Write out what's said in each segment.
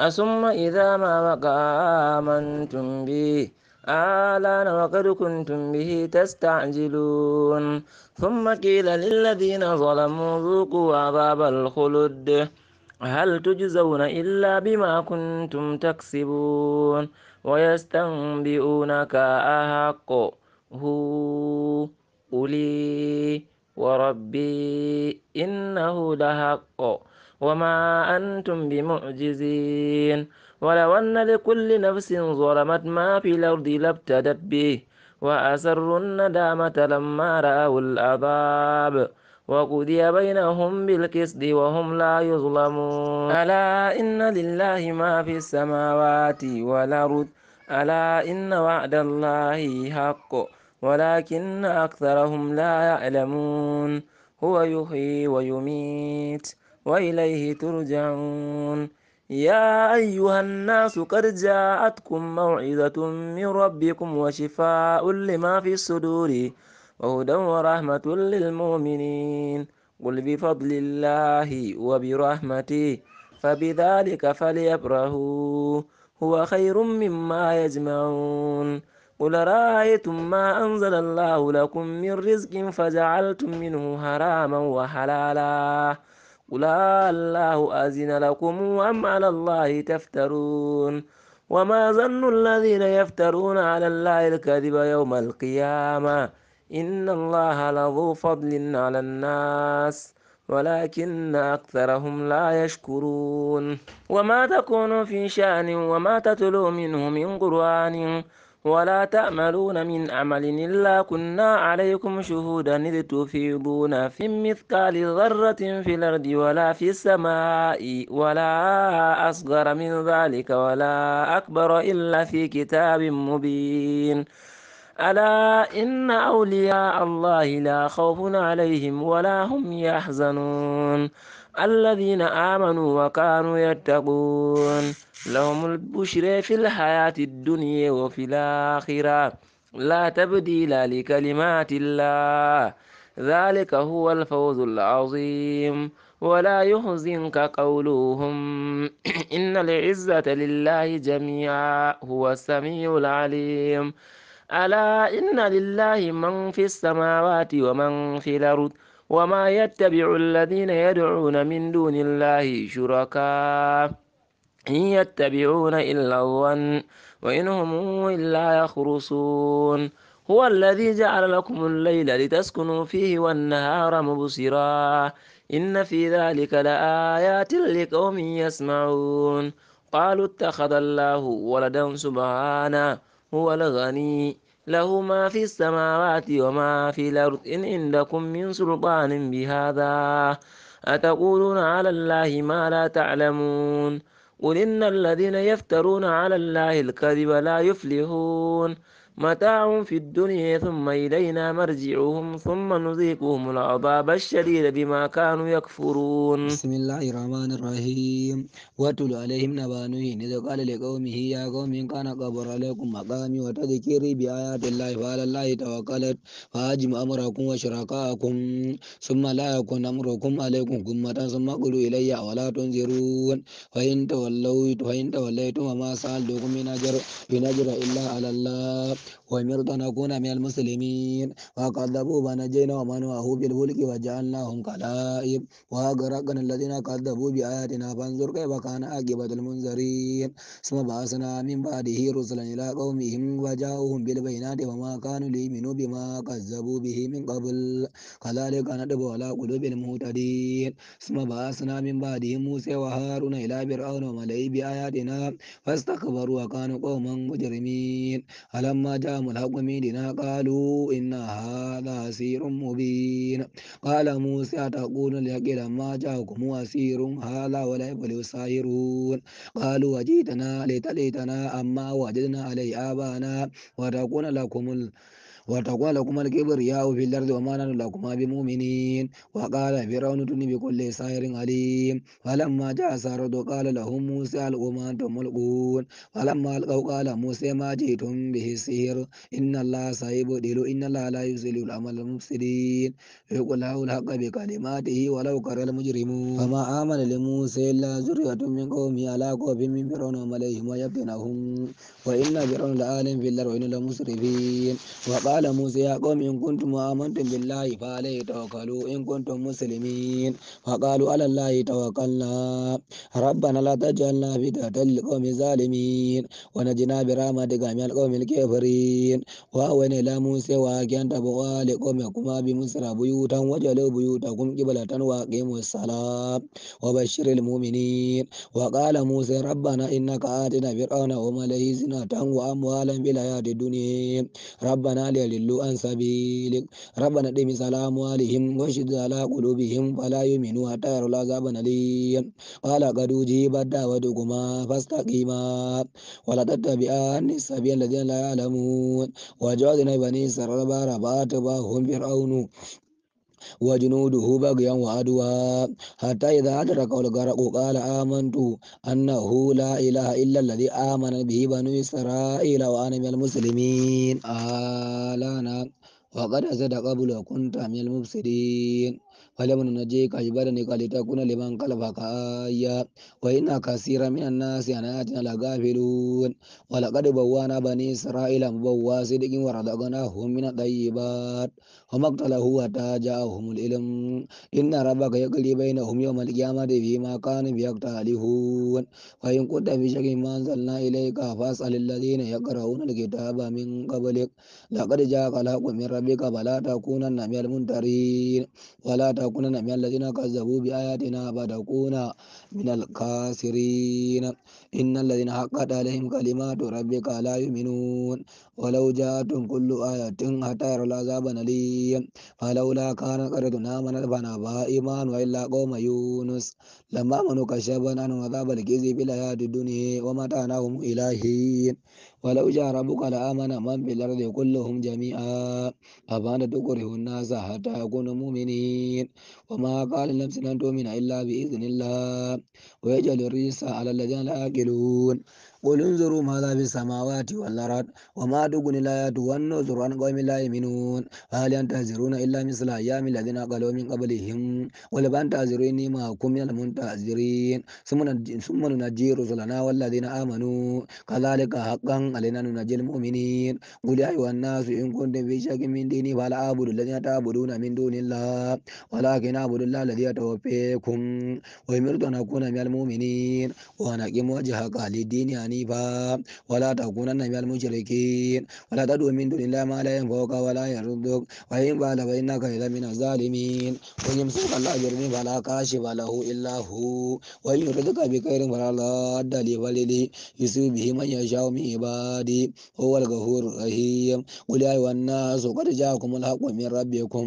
أثم إذا ما وقع آمنتم به آلان وقد كنتم به تستعجلون ثم قيل للذين ظلموا ذوقوا عذاب الخلد هل تجزون إلا بما كنتم تكسبون ويستنبئونك أحق هو أولي وربي إنه لحق وما أنتم بمعجزين ولو أن لكل نفس ظلمت ما في الأرض لابتدت به وأسروا الندامة لما رأوا العذاب وقضي بينهم بالقسط وهم لا يظلمون ألا إن لله ما في السماوات والأرض ألا إن وعد الله حق ولكن أكثرهم لا يعلمون هو يحيي ويميت وإليه ترجعون يا أيها الناس قد جاءتكم موعظة من ربكم وشفاء لما في الصدور وهدى ورحمة للمؤمنين قل بفضل الله وبرحمته فبذلك فليفرحوا هو خير مما يجمعون قل رأيتم ما أنزل الله لكم من رزق فجعلتم منه حراما وحلالا قل الله أذن لكم وأم على الله تفترون وما ظن الذين يفترون على الله الكذب يوم القيامة إن الله لذو فضل على الناس ولكن أكثرهم لا يشكرون وما تكون في شأن وما تتلو منه من قرآن ولا تعملون من عمل إلا كنا عليكم شهودا إذ تفيضون في مثقال ذرة في الأرض ولا في السماء ولا أصغر من ذلك ولا أكبر إلا في كتاب مبين ألا إن أولياء الله لا خوف عليهم ولا هم يحزنون الذين آمنوا وكانوا يتقون لهم البشرى في الحياة الدنيا وفي الآخرة لا تبديل لكلمات الله ذلك هو الفوز العظيم ولا يحزنك قولهم إن العزة لله جميعا هو السميع العليم ألا إن لله من في السماوات ومن في الأرض وما يتبع الذين يدعون من دون الله شركاء إن يتبعون إلا الظن وإن هم إلا يخرصون هو الذي جعل لكم الليل لتسكنوا فيه والنهار مبصرا إن في ذلك لآيات لقوم يسمعون قالوا اتخذ الله ولدا سبحانه هو الغني له ما في السماوات وما في الأرض إن عندكم من سلطان بهذا أتقولون على الله ما لا تعلمون قل إن الذين يفترون على الله الكذب لا يفلحون متاع في الدنيا ثم إلينا مرجعهم ثم نذيقهم العذاب الشديد بما كانوا يكفرون بسم الله الرحمن الرحيم واتل عليهم نبانوين إذا قال لقومه يا قوم إن كان قبر عليكم مقامي وتذكري بآيات الله فعلى الله توكلت فأجم أمركم وشركاءكم ثم لا يكون أمركم عليكم غمة ثم قلوا إلي ولا تنذرون فإن توليتم وما سألتكم من أجر أجر إلا على الله وإن يرد أن أكون من المسلمين وكذبوا فنجينا ومن وهو في الفلك وجعلناهم خلائف وأغرقنا الذين كذبوا بآياتنا فانظر كيف كان عاقبة المنذرين ثم بعثنا من بعده رسلا إلى قومهم وجاءوهم بالبينات وما كانوا ليؤمنوا بما كذبوا به من قبل كذلك نطبع على قلوب المهتدين ثم بعثنا من بعدهم موسى وهارون إلى فرعون وملئه بآياتنا فاستكبروا وكانوا قوما مجرمين فلما جاءهم الحق من عندنا قالوا إن هذا سير مبين قال موسى تقول لحق لما جاءكم سير هذا ولا يفلح سائرون قالوا وجئتنا لتليتنا أما وجدنا عليه آبانا وتكون لكم وتقوى لكم الكبرياء في الأرض وما نحن لكم بمؤمنين وقال فرعون ائتوني بكل ساحر عليم فلما جاء السحرة قال لهم موسى ألقوا ما أنتم ملقون فلما ألقوا قال موسى ما جئتم به السحر إن الله سيبدل إن الله لا يزيل العمل المفسدين يقول له الحق بكلماته ولو كره المجرمون فما آمن لموسى إلا ذرية من قومه على خوف من فرعون وملئهم ويفتنهم وإن فرعون لآل في الأرض وإن لمسرفين وقال قال موسى يا قوم إن كنتم آمنتم بالله فعليه توكلوا إن كنتم مسلمين فقالوا على الله توكلنا ربنا لا تجعلنا في تهتل للقوم الظالمين ونجنا برحمتك من القوم الكافرين وأوين إلى موسى وأكين تبغى لقومكما بمصر بيوتا وجعلوا بيوتكم قبلة وأقيموا الصلاة وبشر المؤمنين وقال موسى ربنا إنك آتنا فرعون وملئه زنة وأموالا في الحياة الدنيا ربنا لي ليضلوا عن سبيلك ربنا دم سلام عليهم وشد على قلوبهم فلا يؤمنوا حتى يروا العذاب الأليم قال قد أجيبت دعوتكما فاستقيما ولا تتبعن السبيل الذين لا يعلمون وجعلنا بني إسرائيل ربا ربا فرعون وجنوده بغيا وعدوا حتى إذا أدرك الغرق قال آمنت أنه لا إله إلا الذي آمن به بنو إسرائيل وأنا من المسلمين آلانا وقد صدق قبل وكنت من المفسدين ولم ننجيك أجبرنك لتكون لمن قلبك آية وإن كثيرا من الناس عن آياتنا لغافلون ولقد بوانا بني إسرائيل مبوا صدق ورزقناهم من الطيبات وما اقتله حتى جاءهم العلم إن ربك يقضي بينهم يوم القيامة فيما كانوا يختلفون وإن كنت في شك ما أنزلنا إليك فاسأل الذين يقرؤون الكتاب من قبلك لقد جاءك الحق من ربك فلا تكونن من المنترين ولا تكونن تكونن من الذين كذبوا بآياتنا فتكون من الخاسرين إن الذين حقت عليهم كلمات ربك لا يؤمنون ولو جاءتهم كل آية حتى يروا العذاب الأليم فلولا كان قرية آمنت فنبأ إيمان وإلا قوم يونس لما منوا كشفنا عن عذاب الكذب في الحياة الدنيا ومتعناهم إلهين ولو جاء ربك لآمن من في الأرض كلهم جميعا أفأنت تكره الناس حتى يكونوا مؤمنين وما قال لنفس أن تؤمن إلا بإذن الله ويجعل الرجس على الذين لا يأكلون قل انظروا ماذا في السماوات والأرض وما تغني الآيات والنذر عن قوم لا يؤمنون فهل ينتظرون إلا مثل أيام الذين قالوا من قبلهم ولو انتظروا إني معكم من المنتظرين ثم ننجي رسلنا والذين آمنوا كذلك حقا علينا ننجي المؤمنين قل يا أيها الناس إن كنتم في شك من ديني فلا أعبد الذين تعبدون من دون الله ولكن أعبد الله الذي يتوفيكم وأمرت أن أكون من المؤمنين وأن أقيم وجهك لدين حنيفا ولا تكونن من المشركين ولا تدعو من دون الله ما لا ينفعك ولا يردك وإن فعل فإنك إذا من الظالمين وإن يمسك الله جرم فلا كاشف له إلا هو وإن يردك بخير فلا راد لفضله يصيب به من يشاء من عبادي هو الغفور الرحيم قل يا أيها الناس قد جاءكم الحق من ربكم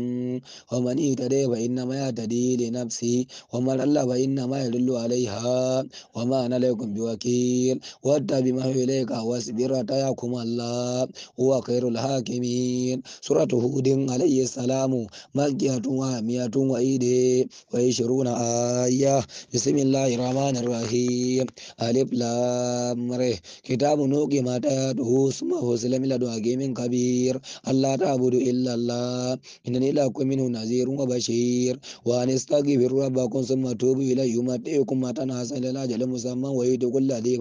ومن اهتدي فإنما يهتدي لنفسه ومن ضل فإنما يضل عليها وما أنا لكم بوكيل واتبع ما إليك واصبر تياكم الله هو خير الحاكمين سورة هود عليه السلام مكية ومية وإيد وعشرون آية بسم الله الرحمن الرحيم ألف لام ره كتاب نوكي ما تدعو اسمه سلم لدو حكيم كبير الله تعبد إلا الله إنني لكم منه نذير وبشير وأن استغفر ربكم ثم توبوا إليه يمتعكم متى حسنا إلى مسمى ويؤتي كل ذي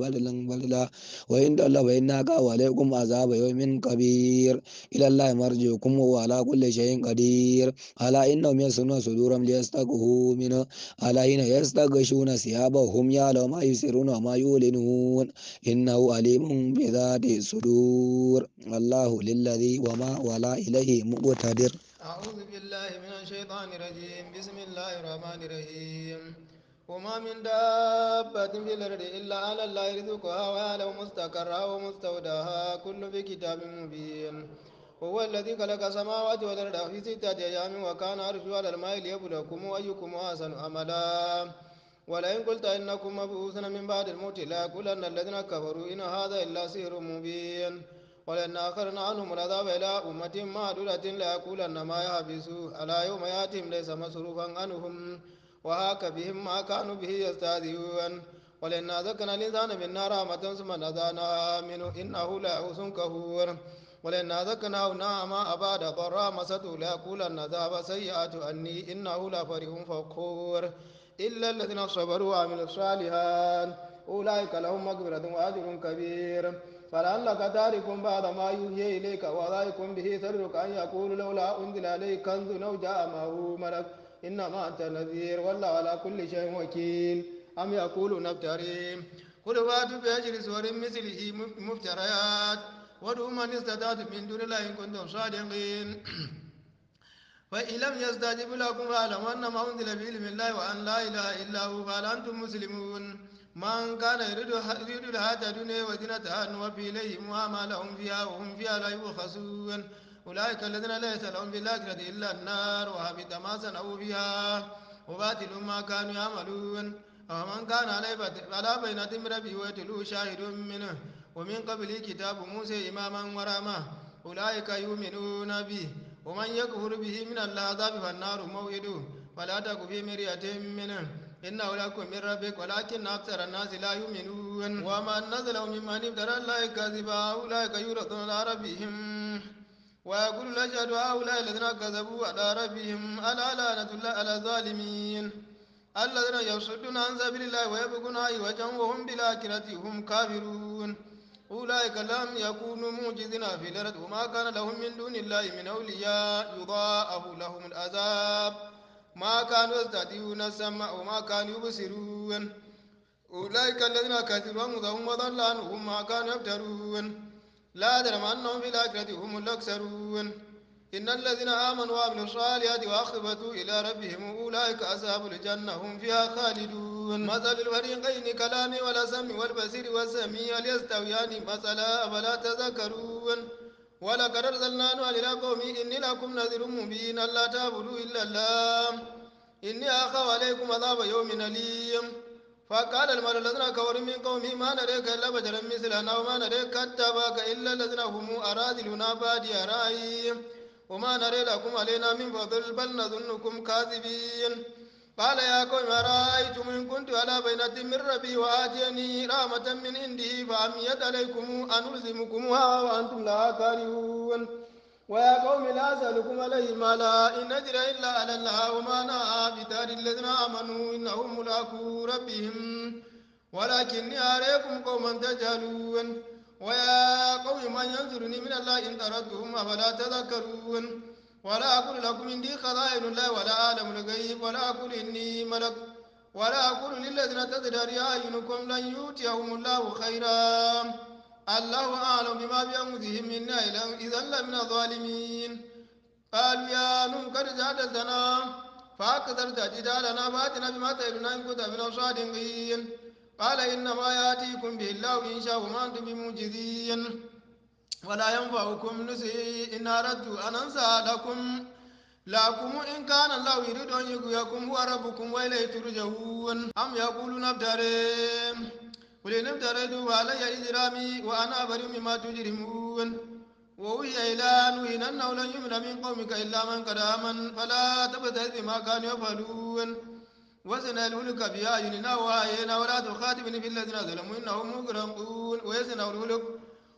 الله وإن تولوا فإنا عليكم عذاب يوم كبير إلى الله مرجعكم وعلى كل شيء قدير على إنهم يصنون صدورهم ليستقهوا منه ألا حين يستغشون ثيابهم يعلم ما يسرون وما يولنون إنه عليم بذات الصدور الله للذي وما ولا إليه مقتدر أعوذ بالله من الشيطان الرجيم بسم الله الرحمن الرحيم وما من دابة في الأرض إلا على الله يرزقها ويعلم مستقرها ومستودعها كل في كتاب مبين هو الذي خلق السماوات والأرض في ستة أيام وكان عرشه على الماء ليبلوكم أيكم أحسن عملا ولئن قلت إنكم مبعوثون من بعد الموت ليقولن الذين كفروا إن هذا إلا سحر مبين ولئن آخرنا عنهم العذاب إلى أمة معدودة ليقولن ما يحبسوا ألا يوم يأتيهم ليس مصروفا عنهم وهاك بهم ما كانوا به يستهزئون ولئن أذقنا الإنسان منا رحمة ثم نزعنا منه إنه لا حسن كفور ولئن أذقناه نعمة بعد ضراء لا ليقولن ذهب سيئات أني إنه لفرح فخور إلا الذين صبروا وعملوا الصالحات أولئك لهم مغفرة وأجر كبير فلعلك تارك بعض ما يوحي إليك وضايق به سرك أن يقول لولا أنزل عليك كنز أو جاء معه ملك إنما أنت نذير والله على كل شيء وكيل أم يقول افتري قل فاتوا بأجر سور مثله مفتريات ودعوا من استطعتم من دون الله إن كنتم صادقين فإن لم يستجب لكم فاعلموا أنما ما أنزل بعلم الله وأن لا إله إلا هو فهل أنتم مسلمون من كان يريد الحياة الدنيا وزينتها نوفي إليهم وما لهم فيها وهم فيها لا يبخسون أولئك الذين ليس لهم بالآخرة إلا النار وهبط ما صنعوا فيها وباطل ما كانوا يعملون ومن كان على بينة من ربه ويتلو شاهد منه ومن قبل كتاب موسى إماما ورحمة أولئك يؤمنون به ومن يكفر به من العذاب فالنار موئده ولا تك في مرية منه إنه لكم من ربك ولكن أكثر الناس لا يؤمنون ومن نزل ممن ابتلى الله كذبا أولئك يورثون على ربهم ويقول الأشهد هؤلاء الذين كذبوا على ربهم ألا لعنة الله على الظالمين الذين يصدون عن سبيل الله ويبغون عوجا وهم بالآخرة هم كافرون أولئك لم يكونوا موجزين في الأرض وما كان لهم من دون الله من أولياء يضاءه لهم العذاب ما كانوا يستطيعون السماء وما كانوا يبصرون أولئك الذين كثروا أنفسهم وضل عنهم ما كانوا يفترون لا درم أنهم في الآخرة هم الأكثرون إن الذين آمنوا وعملوا الصالحات وأخبتوا إلى ربهم أولئك أصحاب الجنة هم فيها خالدون مثل الفريقين كلامي سمي والبصير والسميع ليستويان مثلا فلا تذكرون ولقد أرسلنا نوحا إلى قومي إني لكم نذير مبين ألا تعبدوا إلا الله إني أخاف عليكم عذاب يوم أليم فقال المال الذين كفروا من قومه ما نريك إلا بشرا مثلنا وما نريك اتباك إلا الذين هم أراذلنا بادي رأي وما نري لكم علينا من فضل بل نظنكم كاذبين قال يا قوم أرأيتم إن كنت على بينة من ربي وآتيني رحمة من عنده فأميت عليكم أن ألزمكمها وأنتم لا كارهون ويا قوم لا أسألكم عليه مالا إن أجر إلا على الله وما أنا بتار الذين آمنوا إنهم ملاكو ربهم ولكني أريكم قوما تجهلون ويا قوم من ينظرني من الله إن تردتهم أفلا تذكرون ولا أقول لكم إني خزائن الله ولا أعلم الغيب ولا أقول إني ملك ولا أقول للذين تزدري أعينكم لن يؤتيهم الله خيرا الله أعلم بما بأنفسهم إنا إذا لمن الظالمين قالوا يا نوح قد جادلتنا فأكثرت جدالنا فأتنا بما تعدنا إن كنت من الصادقين قال إنما يأتيكم به الله إن شاء وما أنتم بمعجزين ولا ينفعكم نسي إن أردت أن أنسى لكم لكم إن كان الله يريد أن يغويكم هو ربكم وإليه ترجعون أم يقولون ابتريم قل ولينم تردوا علي إجرامي وأنا بريء مما تجرمون ووهي إلى نوح أنه لن يمن من قومك إلا من قد آمن فلا تبتئس بما كانوا يفعلون وزنا الهلك بأعيننا وأعيننا ولا تخاطبني في الذين ظلموا إنهم مغرقون ويزنا الهلك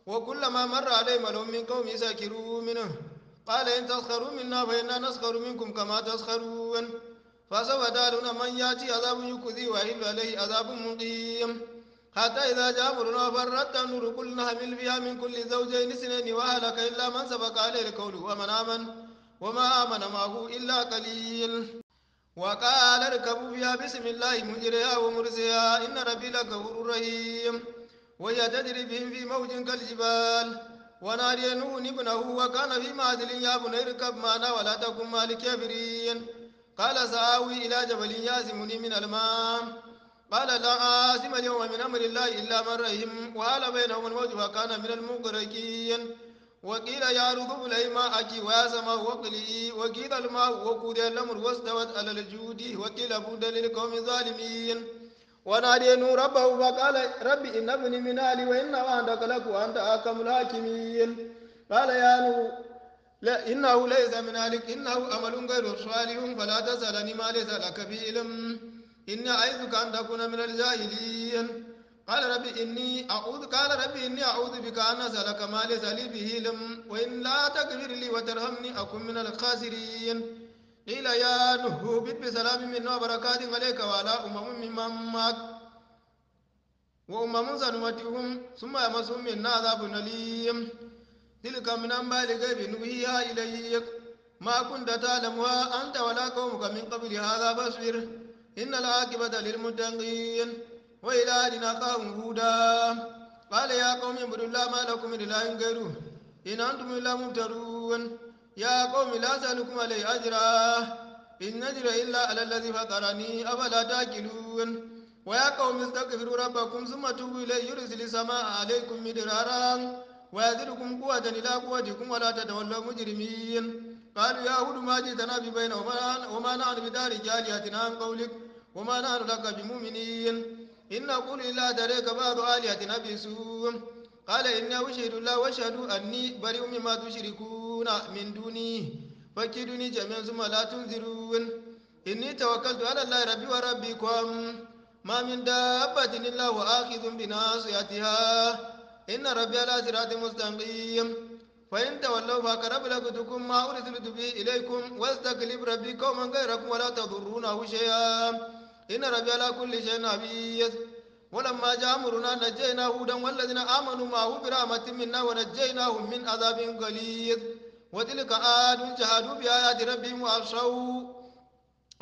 وكلما مر عليهم ملهم من قوم ساكروا منه قال إن تسخروا منا فإنا نسخر منكم كما تسخرون فسوف تعلمون من يأتي عذاب يكذي ويحل عليه عذاب مقيم حتى إذا جاء أمرنا فرت النور قلنا حمل فيها من كل زوجين سنين وأهلك إلا من سبق عليه القول ومن آمن وما آمن معه إلا قليل وقال اركبوا فيها بسم الله مجريها ومرسيها إن ربي لغفور رحيم وهي تجري بهم في موج كالجبال ونادي نون ابنه وكان في معزل يا بني اركب معنا ولا تكن مع الكافرين قال سآوي إلى جبل يعزمني من الماء قال لا عازم اليوم من أمر الله إلا من رحم وآل بينهم الموت وكان من المغرقين وقيل يا ركب ما أجي ويا وقلي وقيل الماء وقود الأمر واستوت على الجود وقيل بود للقوم الظالمين ونادي نور ربه فقال ربي إن ابني من آلي وإن وعندك لك وأنت أكم الحاكمين قال يا نور لا إنه ليس من آلك إنه أمل غير صالح فلا تسألني ما ليس لك في علم إني أعيذك أن تكون من الجاهلين قال ربي إني أعوذ قال ربي إني أعوذ بك أن أسألك ما ليس لي به لم وإن لا تغفر لي وترحمني أكون من الخاسرين قيل يا نوح اهبط بسلام منا وبركات عليك وعلى أمم من معك وأمم سنمتعهم ثم يمسهم منا عذاب أليم تلك من أنباء الغيب نوحيها إليك ما كنت تعلمها أنت ولا قومك من قبل هذا بصير إن العاقبة للمتقين وإلى عادنا أخاهم هودا قال يا قوم اعبدوا الله ما لكم من إله غيره إن أنتم إلا مفترون يا قوم لا أسألكم عليه أجرا إن أجر إلا على الذي فطرني أفلا تأكلون ويا قوم استغفروا ربكم ثم توبوا إليه يرسل السماء عليكم مدرارا ويزدكم قوة إلى قوتكم ولا تتولوا مجرمين قالوا يا هود ما جئتنا ببين وما نحن بدار جاليتنا عن قولك وما نحن لك بمؤمنين إن نقول إلا دريك بعض آلهتنا بسوء قال إني أشهد الله وأشهد أني بريء مما تشركون من دوني فكيدوني جميعا ثم لا تنذرون إني توكلت على الله ربي وربكم ما من دابة إلا وآخذ بناصيتها إن ربي على صراط مستقيم فإن تولوا فقرب لكم ما أرسلت به إليكم واستقلب ربي قوما غيركم ولا تضرونه شيئا إن ربي على كل شيء نبي ولما جاء أمرنا نجينا هودا والذين آمنوا معه برحمة منا ونجيناهم من عذاب غليظ وتلك آد جهادوا بآيات ربهم وأبصروا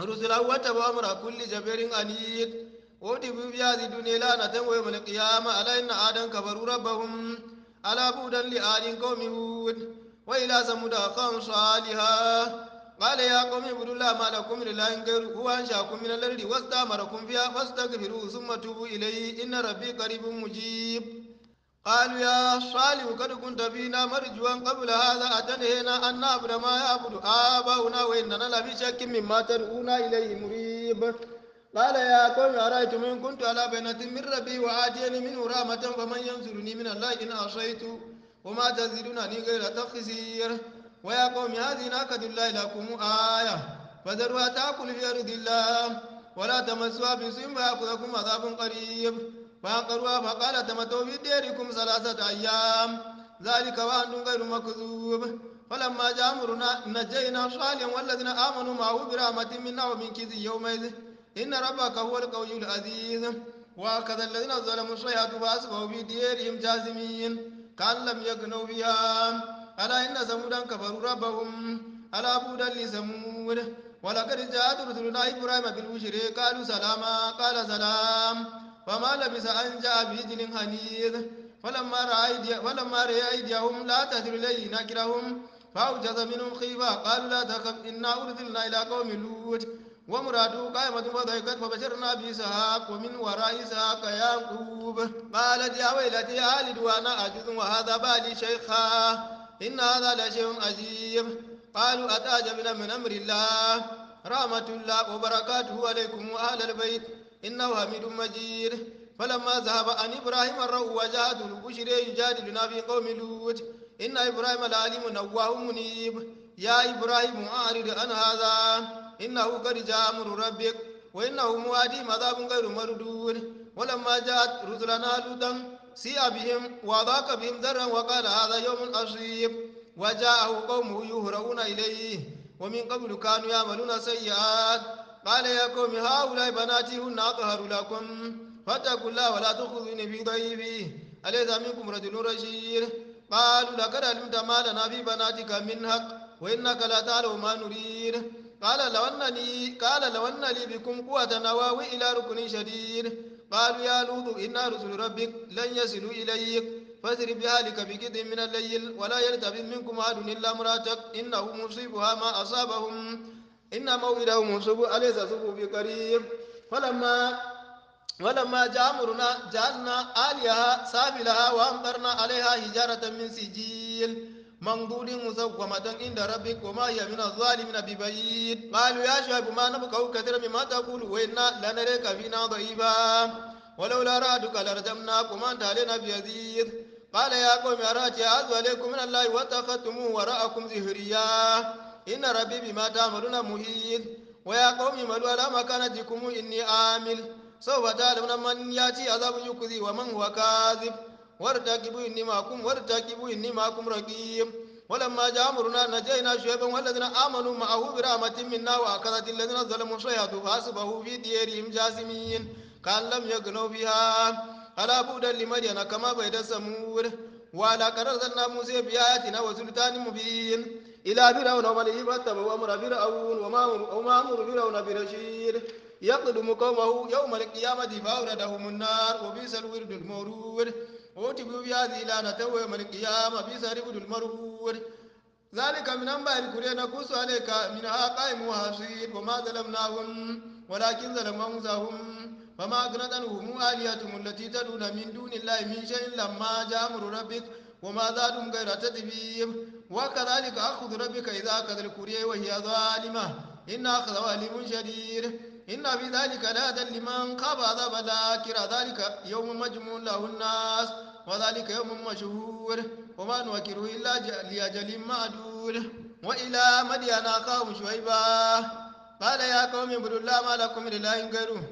رسله واتبعوا أمر كل جبير أنيد عنيد وأتبعوا بهذه الدنيا لعنة ويوم القيامة على إن آدا كفروا ربهم على بودا لآل قوم هود وإلى ثمود أخاهم صالحا قال يا قوم اعبدوا الله ما لكم من اله غيره هو انشاكم من الارض واستعمركم فيها فاستغفروه ثم توبوا اليه ان ربي قريب مجيب قالوا يا صالح قد كنت فينا مرجوا قبل هذا أتنهينا أن نعبد ما يعبد آباؤنا وإننا لفي شك مما تدعونا إليه مريب قال يا قوم أرأيتم إن كنت على بينة من ربي وآتيني منه رحمة فمن ينصرني من الله إن عصيت وما تزيدونني غير تخسير ويا قوم هذه ناقة الله لكم آية فذروها تأكل في أرض الله ولا تمسوها بسوء فيأخذكم عذاب قريب فأقروها فقال تمتوا في ديركم ثلاثة أيام ذلك وأنتم غير مكذوب فلما جاء أمرنا نجينا صالحا والذين آمنوا معه برحمة منا ومن كذب يومئذ إن ربك هو القوي العزيز وهكذا الذين ظلموا الشيعه فأصبحوا في ديرهم جازمين كأن لم يكنوا فيها ألا إن زمودا كفروا ربهم ألا بودا لثمود ولقد جاءت رسلنا إبراهيم بالبشر قالوا سلاما قال سلام فما لبث أن جاء بعجل حنيذ فلما رأى فلما رأى أيديهم لا تهدر إليه نكرهم فأوجز منهم خيفة قالوا لا تخف إنا أرسلنا إلى قوم لوط ومراته قائمة وضيقت فبشرنا بإسحاق ومن وراء إسحاق يعقوب قالت يا ويلتي ألد وأنا أجد وهذا بالي شيخا إن هذا لشيء عجيب قالوا أتعجبنا من أمر الله رحمة الله وبركاته عليكم وأهل البيت إنه حميد مجيد فلما ذهب عن إبراهيم الروح وجاءت البشر يجادلنا في قوم لوط إن إبراهيم العليم نواه منيب يا إبراهيم أعرض عن هذا إنه قد جاء أمر ربك وإنه موادي مذاب غير مردود ولما جاءت رسلنا لوطا سيء بهم وضاق بهم ذرا وقال هذا يوم عصيب وجاءه قومه يهرؤون إليه ومن قبل كانوا يعملون سيئات قال يا قوم هؤلاء بناتي هن أطهر لكم فاتقوا الله ولا تخذوني في ضيفي أليس منكم رجل رشيد قالوا لقد علمت ما لنا في بناتك من حق وإنك لا تعلم ما نريد قال لو أنني قال لو أن لي بكم قوة نواوي إلى ركن شديد قالوا يا لوط إنا رسل ربك لن يصلوا إليك فاسر بأهلك بقطع من الليل ولا يلتفت منكم أحد إلا امرأتك إنه مصيبها ما أصابهم إن موعدهم الصبح أليس صبوا بقريب فلما ولما جاء أمرنا جعلنا آلهة سافلها وأمطرنا عليها حجارة من سجيل مغبول مسومة عند ربك وما هي من الظالمين ببعيد قالوا يا شعيب ما نبقى كثيرا مما تقول وإنا لنراك فينا ضعيفا ولولا رأتك لرجمناك وما أنت علينا بعزيز قال يا قوم أراتي أعز عليكم من الله واتخذتموه وراءكم ظهريا إن ربي بما تعملون محيط ويا قوم اعملوا على مكانتكم إني عامل سوف تعلمون من يأتي عذاب يخزي ومن هو كاذب وارتكبوا إني معكم وارتكبوا إني معكم رقيم ولما جاء أمرنا نجينا شعبا والذين آمنوا معه برحمة منا وأخذت الذين ظلموا الصيحة فأصبحوا في ديرهم جاسمين كأن لم يغنوا بها ألا بودا لمدين كما بيد سمور ولقد أرسلنا موسى بآياتنا وسلطان مبين إلى فرعون وملئه فاتبعوا أمر فرعون وما أمر فرعون برشيد يقدم قومه يوم القيامة فأوردهم النار وبئس الورد المورود وتي بيو وتبوا لا نتوه من القيامة بئس بدو المرور ذلك من أنباء القرى نقص عليك منها قائم وحصير وما ظلمناهم ولكن ظلموا أنفسهم فما أغنت عنهم آلهتهم التي تدعون من دون الله من شيء لما جاء أمر ربك وما زادهم غير تتبيب وكذلك أخذ ربك إذا أخذ القرى وهي ظالمة إن أخذ ظالم شديد إن في ذلك لهدى لمن قبض بلاكر ذلك يوم مجموع له الناس وذلك يوم مشهور وما نوكره إلا لأجل معدود وإلى مدين قوم شعيبا قال يا قوم اعبدوا الله ما لكم إلا إن غيره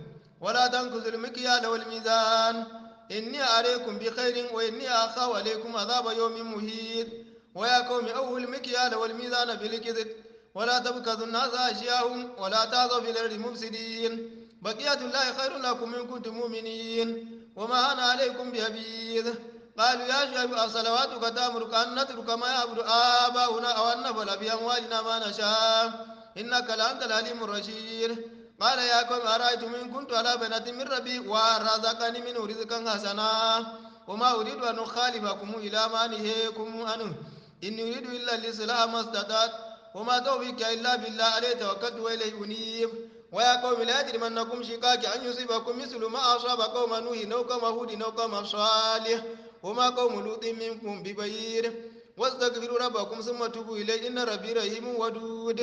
ولا تنقذوا المكيال والميزان إني أريكم بخير وإني أخاف عليكم عذاب يوم مهيد ويا قوم أول المكيال والميزان بالقسط ولا تبخسوا الناس أشياءهم ولا تعظوا في الأرض مفسدين بقية الله خير لكم إن كنتم مؤمنين وما أنا عليكم بحفيظ قالوا يا شعب أصلواتك تأمرك أن نترك ما يعبد آباؤنا أو أن نفعل بأموالنا ما نشاء إنك لأنت العليم الرشيد قال يا قوم أرأيتم إن كنت على بنة من ربي ورزقني منه رزقا حسنا وما أريد أن أخالفكم إلى ما نهيكم عنه إن أريد إلا الإصلاح ما استطعت وما توفيك إلا بالله عليه توكلت وإليه أنيب ويا قوم لا يجرمنكم شقاك أن يصيبكم مثل ما أصاب قوم نوح أو قوم هود أو قوم صالح وما قوم لوط منكم ببعير واستغفروا ربكم ثم توبوا إليه إن ربي رحيم ودود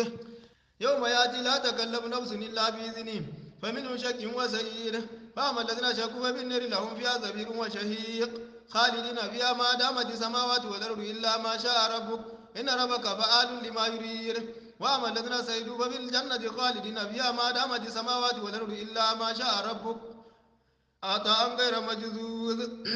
يوم يأتي لا تكلم نفس إلا بإذنه فمنهم شك وسعير فأما الذين شكوا بالنار لهم فيها زفير وشهيق خالدين فيها ما دامت السماوات والأرض إلا ما شاء ربك إن ربك فعال لما يريد وأما الذين سيدوا ففي الجنة خالدين فيها ما دامت السماوات والأرض إلا ما شاء ربك عطاء غير مجذوذ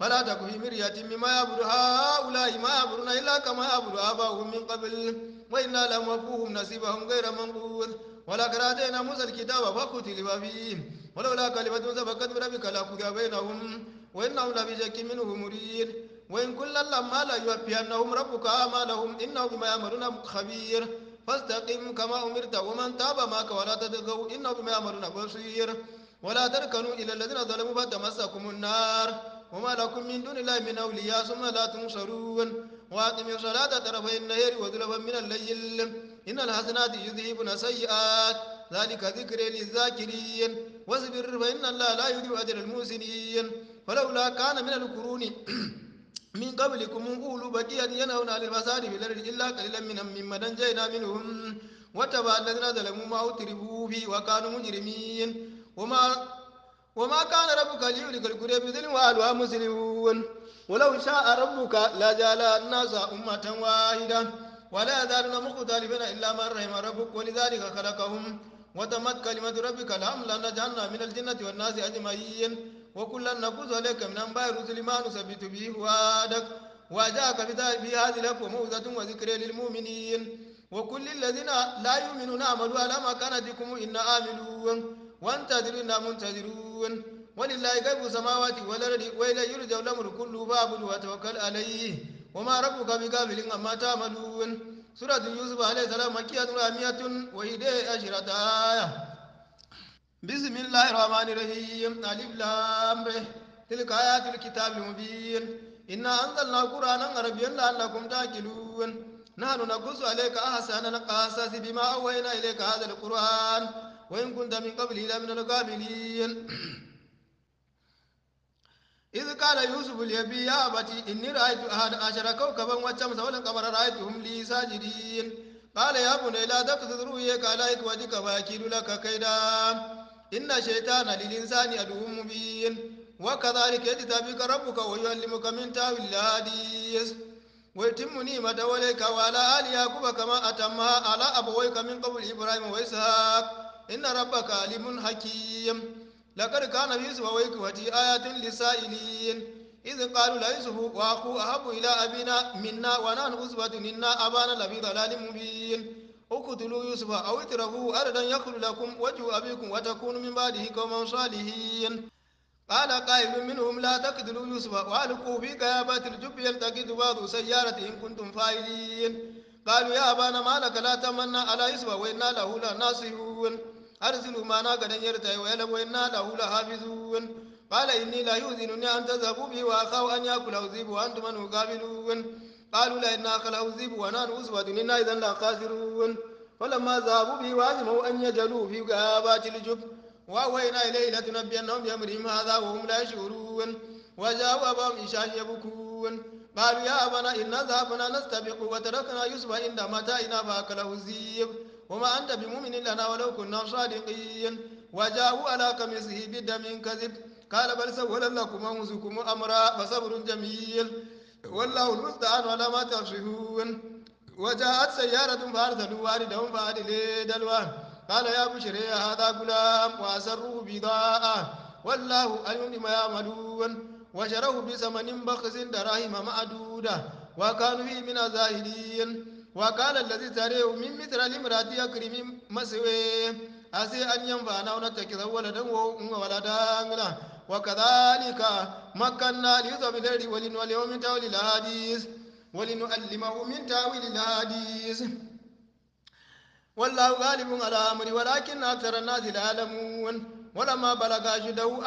فلا تك في مرية مما يعبد هؤلاء ما يعبدون إلا كما يعبد آباؤهم من قبل وإنا لم وفوهم نصيبهم غير منقوذ ولقد آتينا موسى الكتاب فاختلف فيه ولولا كلمة سبقت من ربك لقضي بينهم وإنهم لفي شك منه مريد وإن كلا لما لا يوفي أنهم ربك أعمالهم إنه بما يعملون خبير فاستقم كما أمرت ومن تاب معك ولا تتغوا إنه بما يعملون بصير ولا تركنوا إلى الذين ظلموا فتمسكم النار وما لكم من دون الله من أولياء ثم لا تنصرون وأقم الصلاة طرفي النهر وذلبا من الليل إن الحسنات يذهبن سيئات ذلك ذكر للذاكرين واصبر فإن الله لا يذيب أجر المحسنين فلولا كان من القرون من قبلكم قولوا بكيا ينهون عن الفساد في الأرض إلا قليلا منهم أمم ممن أنجينا منهم واتبع الذين ظلموا ما أترفوا فيه وكانوا مجرمين وما وما كان ربك ليهلك القرى بظلم وأهلها مسلمون ولو شاء ربك لجعل الناس أمة واحدة ولا يزالون مختلفين إلا من رحم ربك ولذلك خلقهم وتمت كلمة ربك لهم لأن جعلنا من الجنة والناس أجمعين وكلا نقص عليك من أنباء رسل ما نثبت به فؤادك وجاءك بهذه لكم موزة وذكر للمؤمنين وكل الذين لا يؤمنون عملوا على مكانتكم إن عاملون وانتظروا إنا منتظرون ولله غيب السماوات والأرض وإلى يرجع الأمر كله فاعبده وتوكل عليه وما ربك بغافل عما تعملون سورة يوسف عليه السلام مكية عامية وهي عشرة آية بسم الله الرحمن الرحيم ألف لام تلك آيات الكتاب المبين إنا أنزلنا القرآن عربيا لعلكم تعقلون نحن نقص عليك أحسن القصص بما أوحينا إليك هذا القرآن وإن كنت من قبله لمن الغافلين إذ قال يوسف لأبي يا أبتي إني رأيت أحد عشر كوكبا والشمس والقمر رأيتهم لي ساجدين قال يا بني لا تقصد رؤيك على إخوتك ويكيد لك كيدا إن شيطان للإنسان عدو مبين وكذلك يجتبك ربك ويعلمك من تأويل الحديث ويتم نعمته وليك وعلى آل ياكوب كما أتمها على أبويك من قبل إبراهيم وإسحاق إن ربك عليم حكيم لقد كان في سبويك وتي آيات للسائلين إذ قالوا ليسه وأخو أحب إلى أبينا منا ونحن أسوة إنا أبانا لفي ضلال مبين اقتلوا يوسف أو اتركوه أردا يخل لكم وجه أبيكم وتكونوا من بعده قوما صالحين قال قائل منهم لا تقتلوا يوسف وألقوا في غيابة الجب يلتقط بعض سيارة إن كنتم فاعلين قالوا يا أبانا ما لك لا تمنى على يوسف وإنا له لناصحون أرسلوا معنا غدا يرتع ويلم وإنا له لحافظون قال إني لا يؤذنني أن تذهبوا بي وأخاه أن يأكله الذئب وأنتم منه غافلون قالوا لا إنا خلعوا الذئب وانا نوز إنا إذا لا قادرون فلما ذهبوا به وعزموا أن يجلوا في غابات الجب وأوينا إليه لتنبئنهم بأمرهم هذا وهم لا يشعرون وجاءوا أباهم إشاء يبكون قالوا يا أبانا إنا ذهبنا نستبق وتركنا يوسف عند متائنا فأكله الذئب وما أنت بمؤمن لنا ولو كنا صادقين وجاءوا على قميصه بدم كذب قال بل سولا لكم أنفسكم أمرا فصبر جميل والله المستعان على ما تصفون وجاءت سيارة فأرسلوا واردهم فأدلي دلوه قال يا بشري هذا غلام وأسروه بضاعة والله أيم بما يعملون وشروه بثمن بخس دراهم معدودة وكانوا فيه من الزاهدين وقال الذي تريه من مثل الامرأة أكرم مسويه أسي أن ينفعنا ونتكذ ولدا وولدا وكذلك مكنا ليوسف في الأرض ولنوليه من تأويل الأحاديث ولنعلمه من تأويل الأحاديث والله غالب على أمره ولكن أكثر الناس لا يعلمون ولما بلغ أشده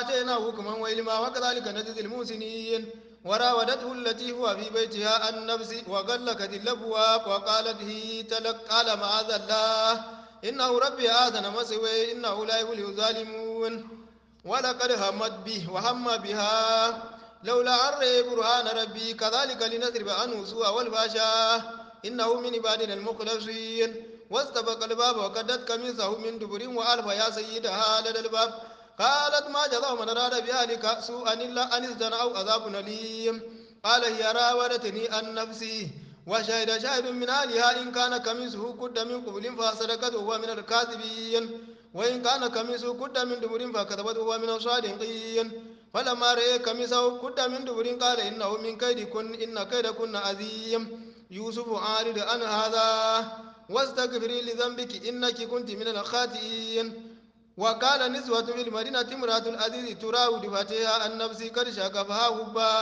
آتيناه حكما وعلما وكذلك نجزي المحسنين وراودته التي هو في بيتها عن نفسه وغلقت الأبواب وقالت هي تلك قال معاذ الله إنه ربي آذن مسوي إنه لا يولي الظالمون ولقد همت به وهم بها لولا أن برهان ربي كذلك لنضرب عنه سوء والفاشا إنه من عبادنا المخلصين واستبق الباب وقدت قميصه من دبر وألف يا سيدها لدى الباب قالت ما جزاء من أراد بأهلك سوءا إلا أن استنى أو عذاب أليم قال هي راودتني عن نفسي وشهد شاهد من أهلها إن كان قميصه قد من قبل فصدقته ومن الكاذبين وإن كان قميصه قد من دبرين فكذبت وهو من الصادقين فلما رأى قميصه قد من دبرين قال إنه من كيد كن إن كيد كن عظيم يوسف عارض عن هذا واستغفري لذنبك إنك كنت من الخاطئين وقال نسوة في المدينة امرأة العزيز تراود فتيها النفس قد شغفها حبا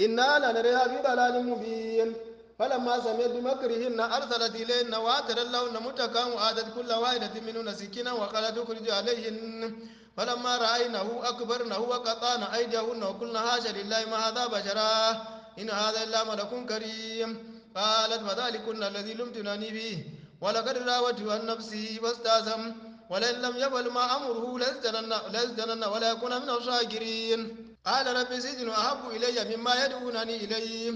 إنا لنريها في ضلال مبين فلما سمعت بمكرهن أرسلت إليهن وآتت لهن متكام وآتت كل واحدة منهن سكينا وقالت اخرج عليهن فلما رأينه أكبرنه وقطعنا أيديهن وقلنا حاشا لله ما هذا بشرا إن هذا إلا ملك كريم قالت فذلكن الذي لمتنني به ولقد راوته عن نفسه فاستعزم ولئن لم يفعل ما أمره لازدنن ولا يكون من الشاكرين قال رب سجن أحب إلي مما يدعونني إليه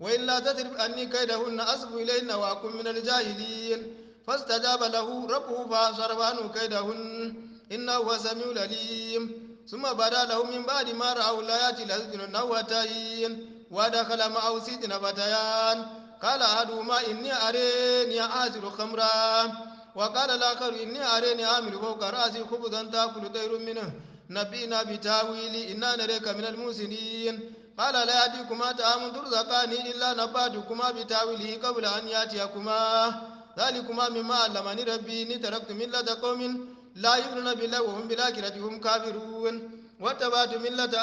وإلا تدرب أني كيدهن أصب إلينا وأكون من الجاهلين فاستجاب له ربه فأبصر عنه كيدهن إنه هو سميع العليم ثم بدا له من بعد ما رأوا الآيات ليسجننه وتين ودخل مع سيدنا فتيان قال أحدهما إني أريني آسر خمرا وقال الآخر إني أريني أعمل فوق رأسي خبزا تأكل طير منه نبينا بتاويل إنا نريك من المحسنين قال لا يأتيكما طعام ترزقان إلا نبأتكما بتاويله قبل أن يأتيكما ذلكما مما علمني ربي إني تركت ملة قوم لا يؤمنون بالله وهم بالآخرة هم كافرون واتبعت ملة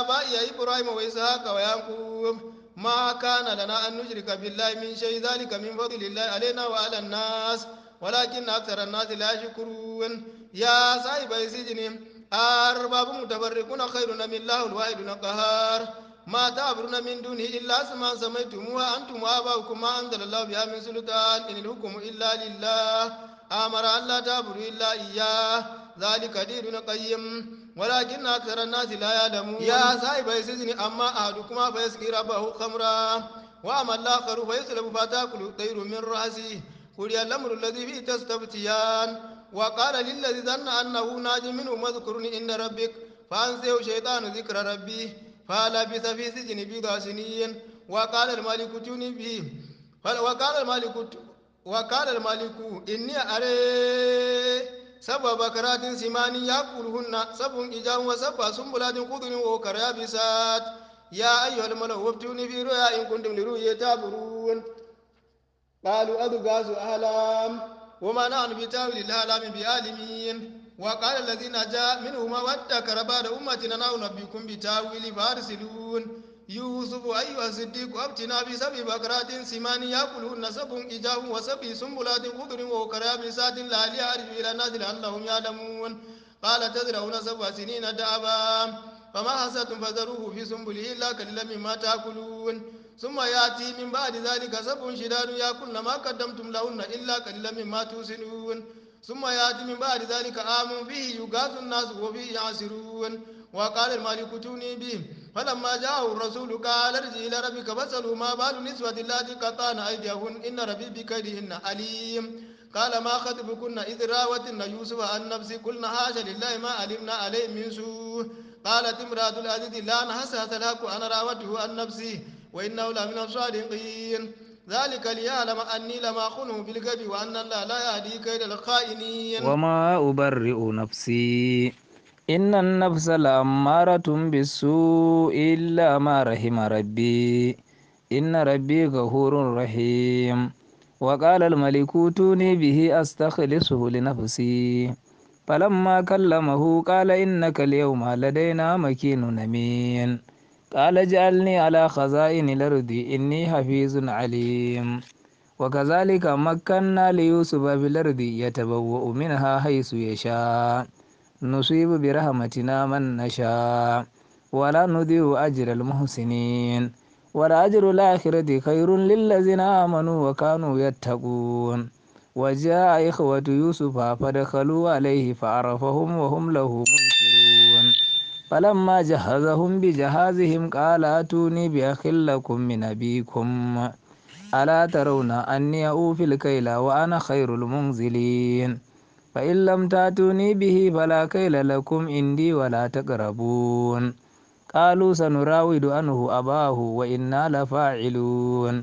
آبائي إبراهيم وإسحاق ويعقوب ما كان لنا أن نشرك بالله من شيء ذلك من فضل الله علينا وعلى الناس ولكن أكثر الناس لا يشكرون يا صاحب السجن أرباب متفرقون خير من الله الواحد القهار ما تعبرون من دونه إلا سما سميتموها أنتم وآباؤكم ما أنزل الله بها من سلطان إن الحكم إلا لله أمر أن لا تعبروا إلا إياه ذلك دين قيم ولكن أكثر الناس لا يعلمون يا صاحب السجن أما أهلكما فيسقي ربه خمرا وأما الآخر فيسلب فتاكل الطير من رأسه قل الأمر الذي فيه تستفتيان وقال للذي ظن أنه ناج منه اذكرني إن ربك فأنسيه شيطان ذكر ربي فلبث في سجن بضع سنين وقال الملك ائتوني به وقال الملك وقال الملك إني أري سبع بكرات سمان يأكلهن سبع إجام وسبع سنبلات خضر وكرابسات يا أيها الملك ائتوني في رؤيا إن كنتم لرؤيا تعبرون قالوا أضغاث اهلام وما نحن بتاويل الأحلام بعالمين وقال الذين جاء منهما وادكر بعد أمتنا نحن نبيكم بتاويل فارسلون يوسف أيها الصديق أبتنا بسبع بكرات سمان يأكلهن سبع إجاب وسبع سنبلات خضر وكراب سات لا ليعرف إلى الناس لأنهم يعلمون قال تزرعون سبع سنين دابا فما حسدتم فذروه في سنبله إلا قليلا مما تأكلون ثم يأتي من بعد ذلك سبع شداد يأكلن ما قدمتم لهن إلا قليلا مما توسنون ثم يأتي من بعد ذلك عام به يغاث الناس وفيه يعسرون وقال الملك توني به فلما جاءه الرسول قال ارجع إلى ربك فاسأله ما بال نسوة اللاتي قطعن أيديهن إن ربي بكيدهن عليم قال ما خطبكن إذ راوتن يوسف عن نفسه قلنا حاشا لله ما علمنا عليه من سوء قالت امرأة العزيز لا نحسها تلاك أنا راوته عن نفسي وإنه لمن الصادقين ذلك ليعلم أني لم أخنه بالغيب وأن الله لا يهدي كيد الخائنين وما أبرئ نفسي إن النفس لأمارة بالسوء إلا ما رحم ربي إن ربي غفور رحيم وقال الملك اوتوني به أستخلصه لنفسي فلما كلمه قال إنك اليوم لدينا مكين أمين قال اجعلني على خزائن الأرض إني حفيظ عليم وكذلك مكنا ليوسف في الأرض يتبوأ منها حيث يشاء نصيب برحمتنا من نشاء ولا نضيع أجر المحسنين والأجر الآخرة خير للذين آمنوا وكانوا يتقون وجاء إخوة يوسف فدخلوا عليه فعرفهم وهم له فلما جهزهم بجهازهم قال اتوني باخ لكم من ابيكم الا ترون اني اوفي الكيل وانا خير المنزلين فان لم تاتوني به فلا كيل لكم عندي ولا تقربون قالوا سنراود عنه اباه وانا لفاعلون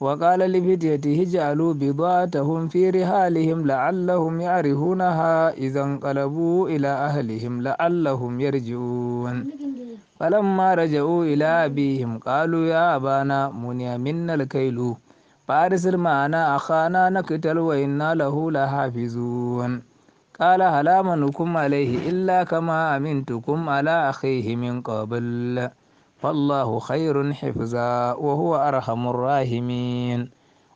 وقال لفتيته اجعلوا بضاعتهم في رحالهم لعلهم يعرفونها إذا انقلبوا إلى أهلهم لعلهم يرجعون فلما رجعوا إلى أبيهم قالوا يا أبانا مني منا الكيل فأرسل معنا أخانا نقتل وإنا له لحافظون قال هل آمنكم عليه إلا كما أمنتكم على أخيه من قبل فالله خير حفظا وهو أرحم الراحمين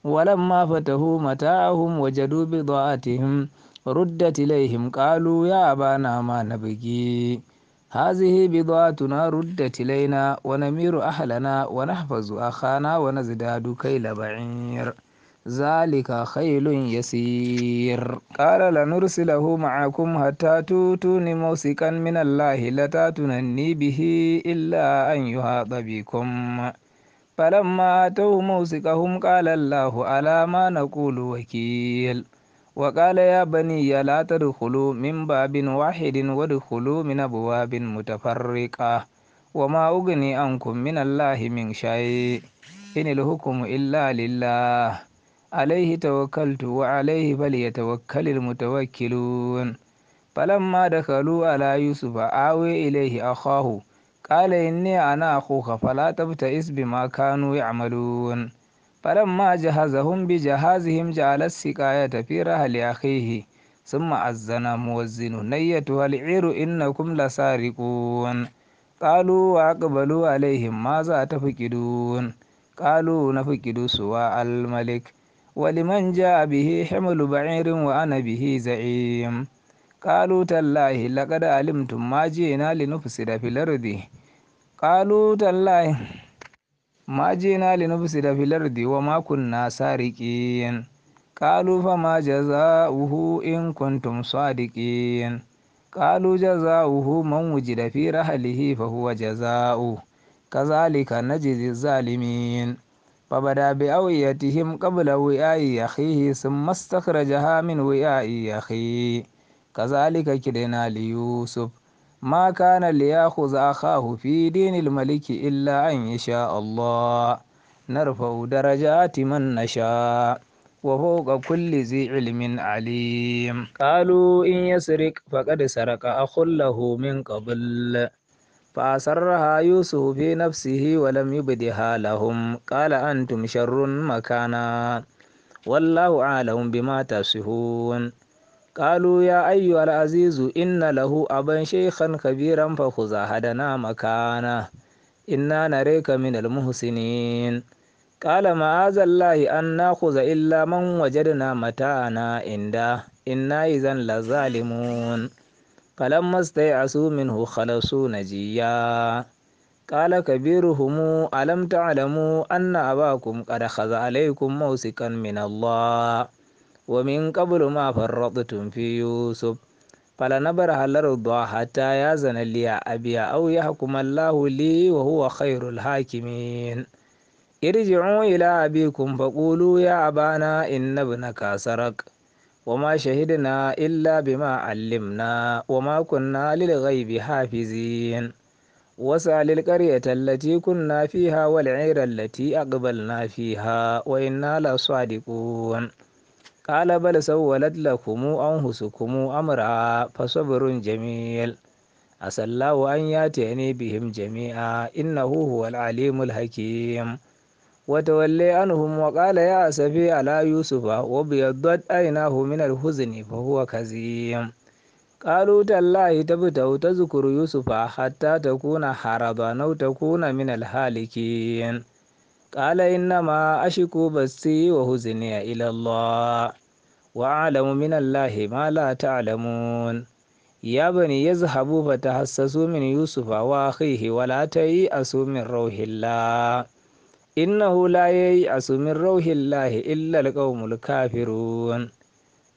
ولما فتحوا متاعهم وجدوا بضاعتهم ردت إليهم قالوا يا أبانا ما نبغي هذه بضاعتنا ردت إلينا ونمير أهلنا ونحفظ أخانا ونزداد كيل بعير ذلك خيل يسير قال لنرسله معكم حتى توتون موسكا من الله لتاتونني به إلا أن يهاط بكم فلما أتوا موسكهم قال الله على ما نقول وكيل وقال يا بني لا تدخلوا من باب واحد وادخلوا من أبواب متفرقة وما أغني عنكم من الله من شيء إن الحكم إلا لله عليه توكلت وعليه فليتوكل المتوكلون فلما دخلوا على يوسف آوي إليه أخاه قال إني أنا أخوك فلا تبتئس بما كانوا يعملون فلما جهزهم بجهازهم جعل السقاية في رحل أخيه ثم أذن موزن أيتها العير إنكم لسارقون قالوا وأقبلوا عليهم ماذا تفقدون قالوا نفقد سواء الملك ولمن جاء به حمل بعير وأنا به زعيم قالوا تالله لقد علمتم ما جئنا لنفسد في الأرض قالوا تالله ما جئنا لنفسد في الأرض وما كنا سارقين قالوا فما جزاؤه إن كنتم صادقين قالوا جزاؤه من وجد في رحله فهو جزاؤه كذلك نجزي الظالمين فبدا بأويتهم قبل وعاء أخيه ثم استخرجها من وعاء أخيه كذلك كدنا ليوسف ما كان ليأخذ أخاه في دين الملك إلا أن يشاء الله نرفع درجات من نشاء وفوق كل ذي علم عليم قالوا إن يسرق فقد سرق أخ له من قبل فأسرها يوسف في نفسه ولم يبدها لهم قال أنتم شر مكانا والله أعلم بما تصفون قالوا يا أيها العزيز إن له أبا شيخا كبيرا فخذ أحدنا مكانه إنا نريك من المحسنين قال معاذ الله أن نأخذ إلا من وجدنا متانا عنده إنا إذا لظالمون فلما استيأسوا منه خلصوا نجيا قال كبيرهم ألم تعلموا أن أباكم قد أخذ عليكم موسكا من الله ومن قبل ما فرطتم في يوسف فلنبرح الأرض حتى يأذن لي أبي أو يحكم الله لي وهو خير الحاكمين ارجعوا إلى أبيكم فقولوا يا أبانا إن ابنك سرق وما شهدنا إلا بما علمنا وما كنا للغيب حافظين وسع للقرية التي كنا فيها والعير التي أقبلنا فيها وإنا لصادقون قال بل سولت لكم أنفسكم أمرا فصبر جميل عسى الله أن ياتيني بهم جميعا إنه هو العليم الحكيم وتولي عنهم وقال يا أسفي على يوسف وبيضت عيناه من الحزن فهو كزيم قالوا تالله تبتو تذكر يوسف حتى تكون حرضا أو تكون من الهالكين قال إنما أشكو بسي وهزني إلى الله وأعلم من الله ما لا تعلمون يا بني يذهبوا فتحسسوا من يوسف وأخيه ولا تيأسوا من روح الله إنه لا ييأس من روح الله إلا القوم الكافرون